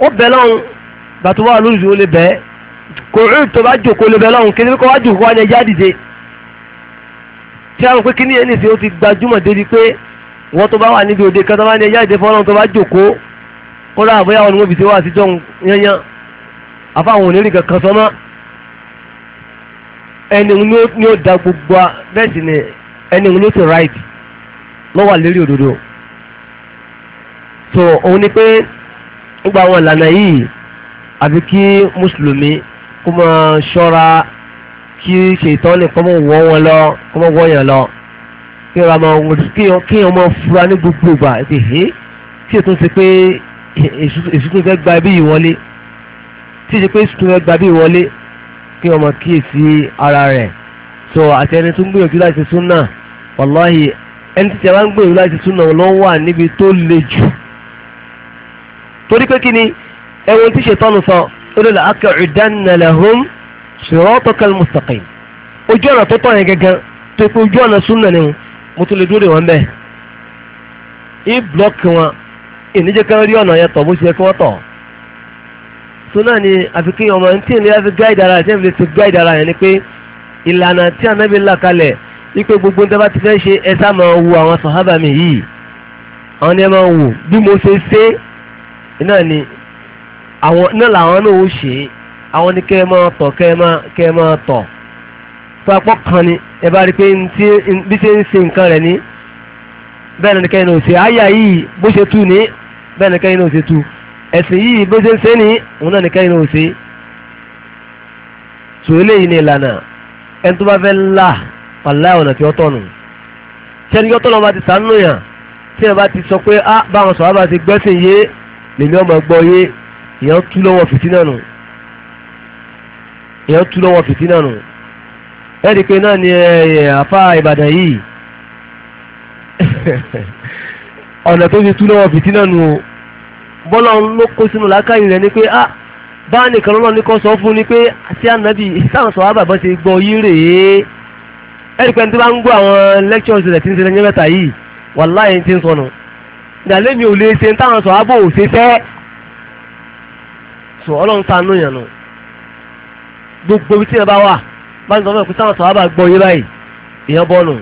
ó bẹ lọ́hùn bàtú wà lóṣù ó lè bẹ́ kò rí tó bá jòkó lè bẹ lọ́hùn kí ni kò wá jòkó wá ní ẹja dìde tí a rò pé kíní yẹn nìsín ó ti gbajúmọ̀ débi pé wọ́n tó bá wà níbi òde kan tó bá ní ẹja dìde fọ́nrán tó bá jòkó ó rà àbóyá wọn ni wọ́n fi ṣe wá àtijọ́ yányán àfáwọn onírìn kankan sọ́mọ́ ẹni ni ó da gbogbo bẹ́ẹ̀ sì ni ẹni ni ó ti ráìdì lọ́wọ́ àlérí òdodo so òun ni pé gbogbo àwọn ìlànà yìí àfi kí mùsùlùmí kó máa ṣọ́ra kí ṣètọ́ ní kọ́ mọ̀ wọ́ wọn lọ kọ́ mọ̀ wọ́yàn lọ kí ọ̀rọ̀ àmọ́ kí ọmọ fura ní gbogbo ìgbà ẹ̀kẹ́ hé tí ètò ń ṣe pé èṣù tó fẹ́ gba ibi yìí wọlé tí èṣù pé èṣù tó fẹ́ gba ibi yìí wọlé kí ọmọ kíyèsí ara rẹ̀ so àti ẹni tó ń gbìyànjú láti súnà wàláhì ẹni tí tí a ń gbìyànjú láti súnà lọ́wọ́ níbi tó le jù torí pé kí ni ẹ̀wọ̀n tí ṣètọ́nù sọ ó lè làákẹ́ udanna lahum siratakal mustaqim ojú ọ̀nà tó tọ̀ yẹn gẹ́gẹ́ tó pé ojú ọ̀nà súnmọ̀ ni mo tún lè dúró de wọn bẹ́ẹ̀ í blọ́ọ̀kì wọn ìníjẹ́ kan rí ọ̀nà yẹn tọ̀ bó ṣe kí wọ́n tọ̀ tó náà ni àfikún ọmọ ní tí ìlú yẹn fi gáìdì ara rẹ̀ tí ìlú ti gáìdì ara rẹ̀ ni pé ìlànà tí anábì là kalẹ̀ wípé gbogbo ní tẹ́bá ti fẹ́ ṣe ẹ sá máa wo àwọn sàhábà mi yìí àwọn ni ẹ máa wò bí mo ṣe ṣe náà ni àwọn náà làwọn náà ó ṣe é àwọn ni kẹ́ ẹ máa tọ̀ kẹ́ ẹ máa kẹ́ ẹ máa tọ̀ tó kan ni ẹ bá rí i pé bí ṣe ń ṣe nǹkan rẹ̀ ni bẹ́ẹ̀ náà ni kẹ́yìn náà ṣe àyà yìí bó ṣe tú ni bẹ́ẹ̀ náà kẹ́yìn náà ṣe tú ẹ̀sìn yìí bó ṣe ń ṣe ni òun náà ni kẹ́yìn náà ṣe tò eléyìí ni ìlànà ẹni tó bá fẹ́ là pàlá ọ̀nà tí ó tọ̀nù ṣẹ́ni yọ́tọ̀ náà bá ti sànú yàn tí ẹ bá ti sọ pé ah báwọn sọ̀rọ̀ bá ti gbẹ́sìn yé lèmi ọmọ gbọ́ yé èèyàn tú lọ́wọ́ fìtínà nù èèyàn tú lọ́wọ́ fìtínà nù ẹ̀rí pé náà ni àfa Ìbàdàn yìí <laughs> ọ̀nà tó fi tú lọ́wọ́ fìtínà nù o bọ́lá ló kó sínú làákàyè rẹ̀ ni pé ah báà nìkan lọ́nà ní kan sọ fún ni pé àti ànábì sáwọn sọ̀rọ̀ àbàbọ̀ ṣe gbọ́ yí rèé ẹ̀rí pé ní tí wọ́n bá ń gbọ́ àwọn lectures rẹ̀ tí ń ṣe lẹ́yìn mẹ́ta yìí wàláyé ti ń sọnù ìdàlẹ́ mi ò lè ṣe táwọn sọ abó ò ṣe fẹ́ sọ ọlọ́run ta nù yàn nù gbogbo ibi tí yẹn bá wà bá ń sọ fún ẹ̀ pé táwọn sọ abá gbọ́ yé báyìí ìyẹn bọ́ nù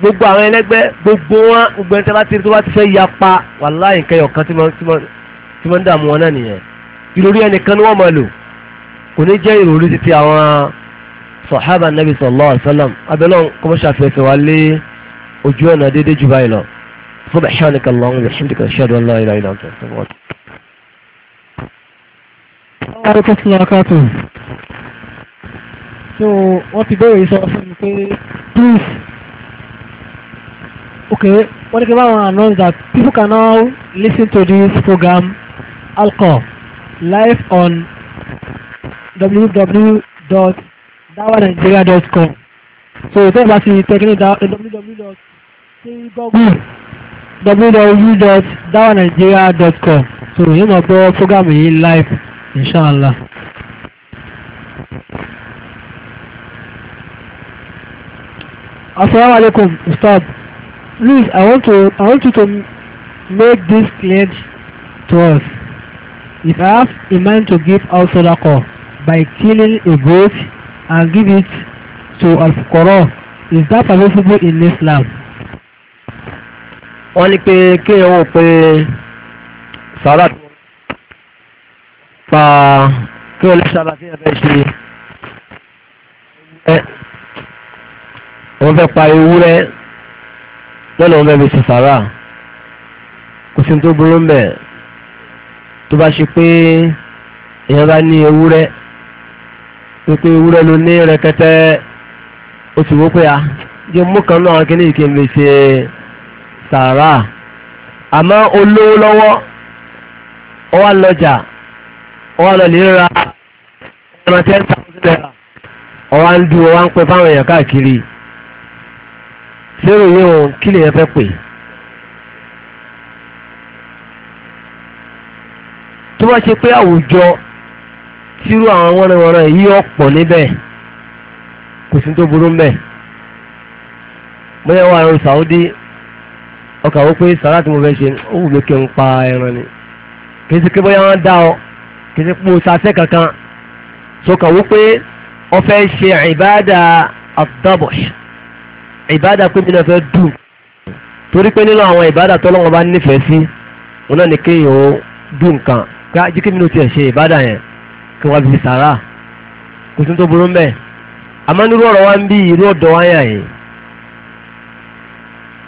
gbogbo àwọn ẹlẹgbẹ́ gbogbo wọn gbogbo ẹni tí a bá ti tó bá ti fẹ́ yapa wàláhì kẹyọ̀ kan tí wọ́n ń dààmú wọn náà nìyẹn ìròrí ẹnìkan ni wọ́n máa lò kò ní jẹ́ ìròrí títí àwọn sọ̀hábà nàbì sallallahu alaihi wasallam abẹ́lẹ́ kọ́mọ́ṣàfẹ́fẹ́ wa lé ojú ọ̀nà déédéé jù báyìí lọ. سبحانك اللهم وبحمدك أشهد أن لا إله إلا أنت أستغفرك Ọ̀rẹ́kọ́ sí So, what ti bẹ̀rẹ̀ is fún mi pé please, okay, wọ́n ní kí báwọn that people can now listen to this program Alcohol live on www.dawanigeria.com. So, ìtẹ́ ìbá the tẹ́kínlẹ̀ www.dawanigeria.com www.dawanigeria.com so yóò máa gbọ́ fúgàmù yìí live inshallah. Assalamu alaikum, Ustad. Please, I want to I want you to make this clear to us. If I have a mind to give out sadaqah by killing a goat and give it to al-fuqara, is that permissible in Islam? wọ́n ní pé kí ẹ wò pé sàrà pa kí o lè ṣàrà tí ẹ fẹ́ ṣe ẹ wọ́n fẹ́ pa ewúrẹ́ lọ́nà wọn fẹ́ fi ṣe sàrà kò sí tó burú mbẹ̀ tó bá ṣe pé èèyàn bá ní ewúrẹ́ pé ewúrẹ́ ló ní rẹ̀kẹ̀tẹ̀ ó sì wó pé a jẹ́ mú kan náà kí ni ìkíni ṣe. sàrà àmọ́ olówó lọ́wọ́ ó wá lọ́jà ó wá lọ lè ra ẹran ten thousand naira ó wá ń du ó wá ń fáwọn èèyàn káàkiri lérò yìí o kí fẹ́ pè. tó bá ṣe pé àwùjọ tírú àwọn wọ́nrẹ́wọ́nrẹ́ yìí ọ̀pọ̀ níbẹ̀ kò sí tó burú bóyá wà ọkà wọ́n pé sàrà tí mo fẹ́ ṣe ó wù mí kí n pa ẹran ni kì í ṣe pé bóyá wọ́n dá ọ kì í ṣe pé o ṣàṣẹ kankan sọkà wọ́n pé wọ́n fẹ́ ṣe ìbáàdà àdàbọ̀ ìbáàdà pé mi náà fẹ́ dùn torí pé nínú àwọn ìbáàdà tó lọ́wọ́ bá nífẹ̀ẹ́ sí wọn náà ní kéèyàn ó dùn nǹkan pé ajíkí mi ló tiẹ̀ ṣe ìbáàdà yẹn kí wọ́n fi sàrà kò sí tó burú mẹ́ẹ̀ àmọ́ nírú ọ̀rọ̀ wa ń bí irú ọ̀dọ́ wáyà yìí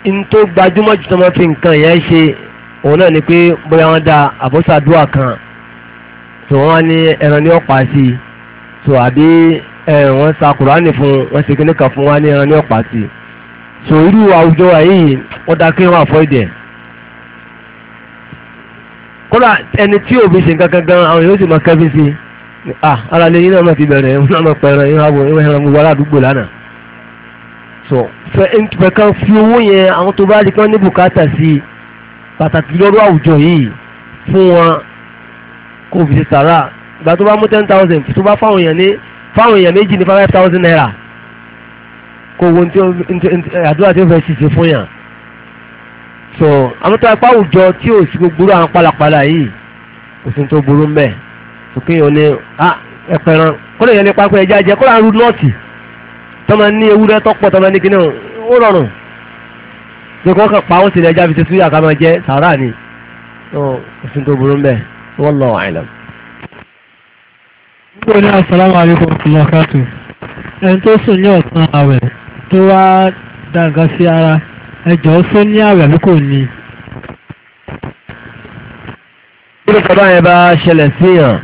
n tó gbajúmọ̀ jù tó máa fi nǹkan yẹn ṣe òun náà ni pé bóyá wọ́n da àbọ̀sàdúà kan tó wọ́n ní ẹran ní ọ̀pá sí i tó àbí wọ́n sa kùránì fún wọ́n ṣe kíní kan fún wọn ní ẹran ní ọ̀pá sí i tó irú àwùjọ wa yìí da kí wọ́n kódà ẹni tí òbí ṣe nǹkan gangan àwọn yóò sì máa kẹ́fí sí i ah ara lè yín náà máa ti bẹ̀rẹ̀ ẹ̀ <laughs> wọ́n náà máa pẹ̀rẹ̀ ìhàbọ̀ ìhàbọ̀ gbogbo aládùúgbò lánàá sọ fẹ́ kan fi owó yẹn àwọn tó bá rí kí wọ́n ní bùkátà sí i pàtàkì lọ́rọ̀ àwùjọ yìí fún wọn kò fi sàrà ìgbà tó bá mú ten thousand tó bá fáwọn èèyàn ní fáwọn èèyàn méjì ní five thousand naira kò wo àdúrà tí ó fẹ́ ṣiṣẹ́ fún yàn so àwọn tó apá àwùjọ tí ò sí gbogbo àwọn pálapàla yìí kò sí tó burú mbẹ sókè yìí ó ní ah, ẹ̀pẹ̀rán kó lè yẹn nípa pé ẹja jẹ kó lè rú nọ́ọ̀tì tọ́mọ ní ewúrẹ́ tọ́pọ̀ tọ́mọ ní kíní ó rọrùn ṣe kọ́ pa ó sì lẹ́jà fi ṣe súyà ká máa jẹ́ sàárà ni òfin tó burú mbẹ wallahu a'lam. nígbà ní asalaamu alaykum wa rahmatulahi ẹni tó sùn ní ọ̀sán àwẹ̀ tó wá dàgbà sí ara ẹjọ́ sún ní àwẹ̀ àbí kò ní. bí ìjọba yẹn bá ṣẹlẹ̀ síyàn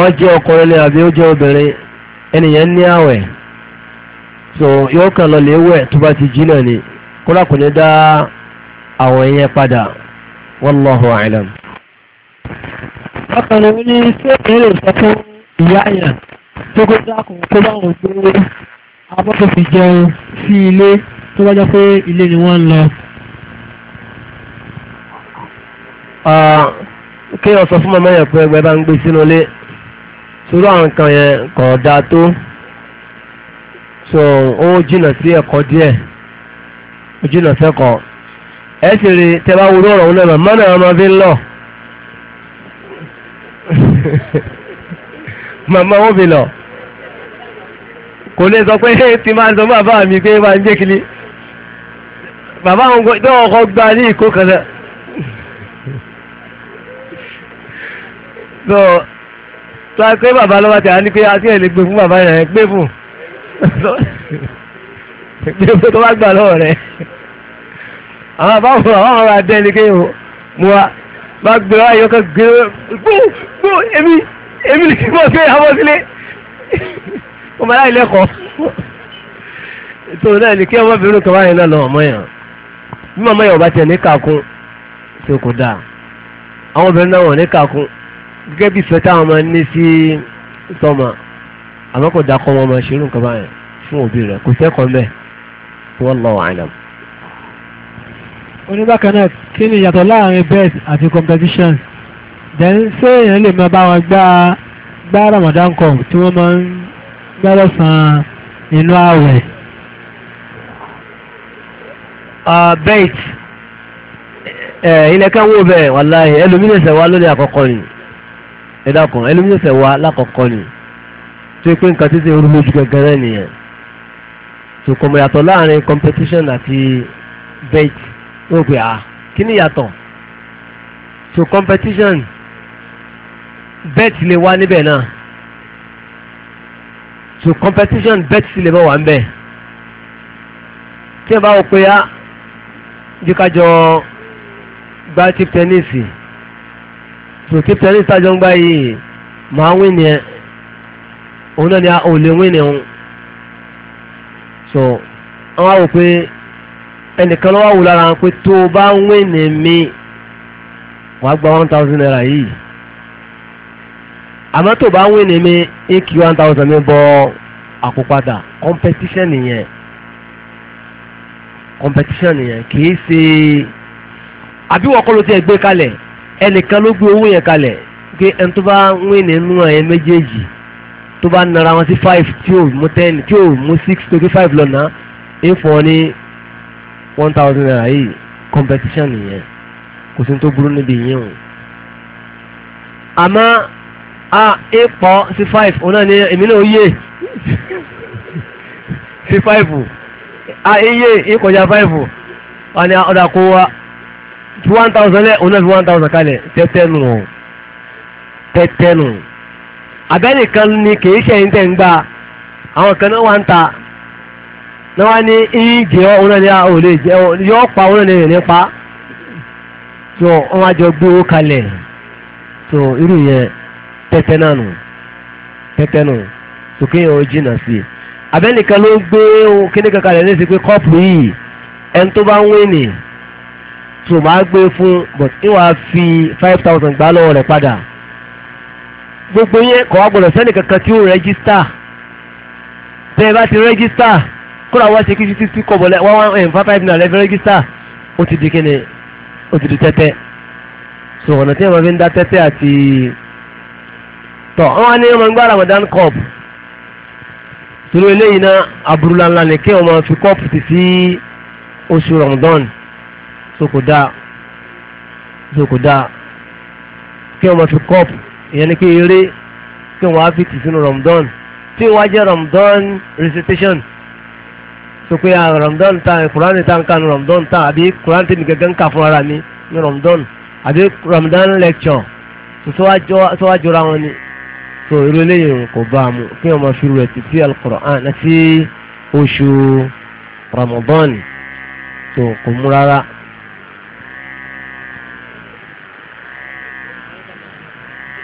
ó jẹ́ ọkùnrin ni àbí ó jẹ́ obìnrin ẹnìyẹn ní àwẹ̀ so yóò kàn lọ léwẹ̀ tó bá ti jí náà ni kódà kò ní dá àwọn yẹn padà wallahu a'lam. ọkàn òun ni ṣé èyí lè sọ fún ìyá yẹn tó kó dákun kó bá wọn gbé abọ́ jẹun sí ilé tó bá jẹ́ pé ilé ni wọ́n ń lọ. kéèyàn sọ fún màmá pé ẹgbẹ́ bá ń gbé sínú ilé sórí àwọn nǹkan yẹn kò tó so ó jìnà sí ẹ̀kọ́ díẹ̀ ó jìnà sẹ́kọ̀ọ́ ẹ sì rí tẹ́bá wúrú ọ̀rọ̀ òun náà mọ́nà ọmọ fi ń lọ <laughs> màmá ó fi lọ kò lè sọ pé tí máa ń sọ bàbá mi pé máa ń jẹ́ kiri bàbá òun tó ọkọ̀ gba ní ìkó kan náà <laughs> so tó a pé bàbá lọ́wọ́ tí a ní pé a sì ẹ̀ lè gbé fún bàbá yẹn gbé fún pé pé tó <laughs> bá gbà lọ́wọ́ rẹ̀ àwọn àbáwọ̀ àwọn àwọn ará dẹ́ni kí o mú wa bá gbé wa yọkọ̀ gbé gbó gbó èmi èmi lè mọ̀ sí àwọn sílé ọmọ aláì lẹ́kọ̀ọ́ tó náà ní kí ọmọbìnrin kan wáyé náà lọ ọmọ yẹn bí màmá yẹn ọba tiẹ̀ ní kàkún tí o kò dáa àwọn obìnrin náà wọ̀ ní kàkún gẹ́gẹ́ bí ìfẹ́ táwọn máa ń ní sí sọ́mà àmọ́ kò dáa kọ́ wọn máa ṣerú nǹkan báyẹn fún òbí rẹ̀ kò sẹ́kọ̀ọ́ mbẹ́ wallahu a'lam. oníbàkan náà kí ni ìyàtọ̀ láàrin bet àti competition then ṣé èèyàn lè máa bá wọn gbá gbá Ramadan cup tí wọ́n máa ń gbá lọ́sàn-án inú ààwẹ̀. bet ilẹ̀ kan wò bẹ́ẹ̀ wàláhì ẹlòmínẹ̀sẹ̀ wa lórí àkọ́kọ́ ni ẹ̀dá kan ẹlòmínẹ̀sẹ̀ wa lákọ̀ọ́kọ́ ni ṣe pé nǹkan títí orú lójú gẹ́gẹ́rẹ́ nìyẹn tó kọmọ yàtọ̀ láàrin competition àti bet ó pè á ah, kí ni yàtọ̀ tó competition bet lè wá níbẹ̀ náà tó competition bet sì lè bá wà níbẹ̀ tí ẹ bá wọ pé ah, á jíkájọ gbá chip tennis tó chip tennis tájọ ń gbá yìí màá wí nìyẹn òun náà ni a ò lè wí ni òun so wọn á wò pé ẹnìkan ló wá lára pé tó o bá ń wí ni mi wàá gba one thousand naira yìí àmọ́ tó o bá ń wí ni mi ń kí one thousand mi bọ́ àkópadà competition nìyẹn competition nìyẹn kì í ṣe àbí wọ́n kọ́ ló ti ẹ̀ gbé kalẹ̀ ẹnìkan ló gbé owó yẹn kalẹ̀ pé ẹni tó bá ń wí nínú ẹ̀ méjèèjì tó bá nara wọn sí five tí ò mú ten tí ò mú six twenty five lọ́nà é fún ọ ní one thousand naira yìí competition nìyẹn kò sí tó burú níbi yìí o. àmọ́ a é pọ̀ sí five òun náà ni èmi náà yé <laughs> sí five a é yé é kọjá five wọn ni ọ̀dà kó wa one thousand lẹ́ òun náà fi one thousand kalẹ̀ tẹ́tẹ́ nù abẹ́nìkan ni kìí ṣe ń tẹ̀ ń gbà àwọn kan náà wà ń ta náà wá ní a jẹ́ òun náà ní ìrìn pa tó wọn wá jọ gbé owó kalẹ̀ tó irú yẹn tẹ́tẹ́ náà nù tẹ́tẹ́ nù tó kéèyàn ó jìnnà sí i abẹ́nìkan ló gbé léṣe pé kọ́ọ̀pù fún but ìwà fi five thousand gbá lọ́wọ́ gbogbo yẹn kọ́ wa gbọ́dọ̀ sẹ́ni kankan tí ó rẹ́gísítà bẹ́ẹ̀ bá ti rẹ́gísítà kó làwọn ṣe kí fifty fifty kọ̀ one one eh, five five naira lẹ́fẹ̀ẹ́ rẹ́gísítà ó ti di kíni ó ti di tẹ́tẹ́ so ọ̀nà tí wọ́n fi ń dá tẹ́tẹ́ àti tọ̀ wọ́n ní wọ́n gbá Ramadan cup torí eléyìí náà aburula ńlá ni kí wọ́n máa fi cup ti sí oṣù Ramadan so kò dáa so kò dáa kí wọ́n máa fi cup ìyẹn ni pé eré kí wọ́n á fi tì sínú Ramadan tí wọ́n á jẹ́ Ramadan recitation so pé ah, Ramadan tan Quran tan kan ramdan tan àbí Quran tèmi gẹ́gẹ́ ń kà fún ara mi ní Ramadan àbí Ramadan lecture tó wá jọra wọn ni so irú eléyìí kò bá a mú kí wọ́n máa fi rẹ̀ ti sí Al-Quran àti oṣù Ramadan so kò mú rárá.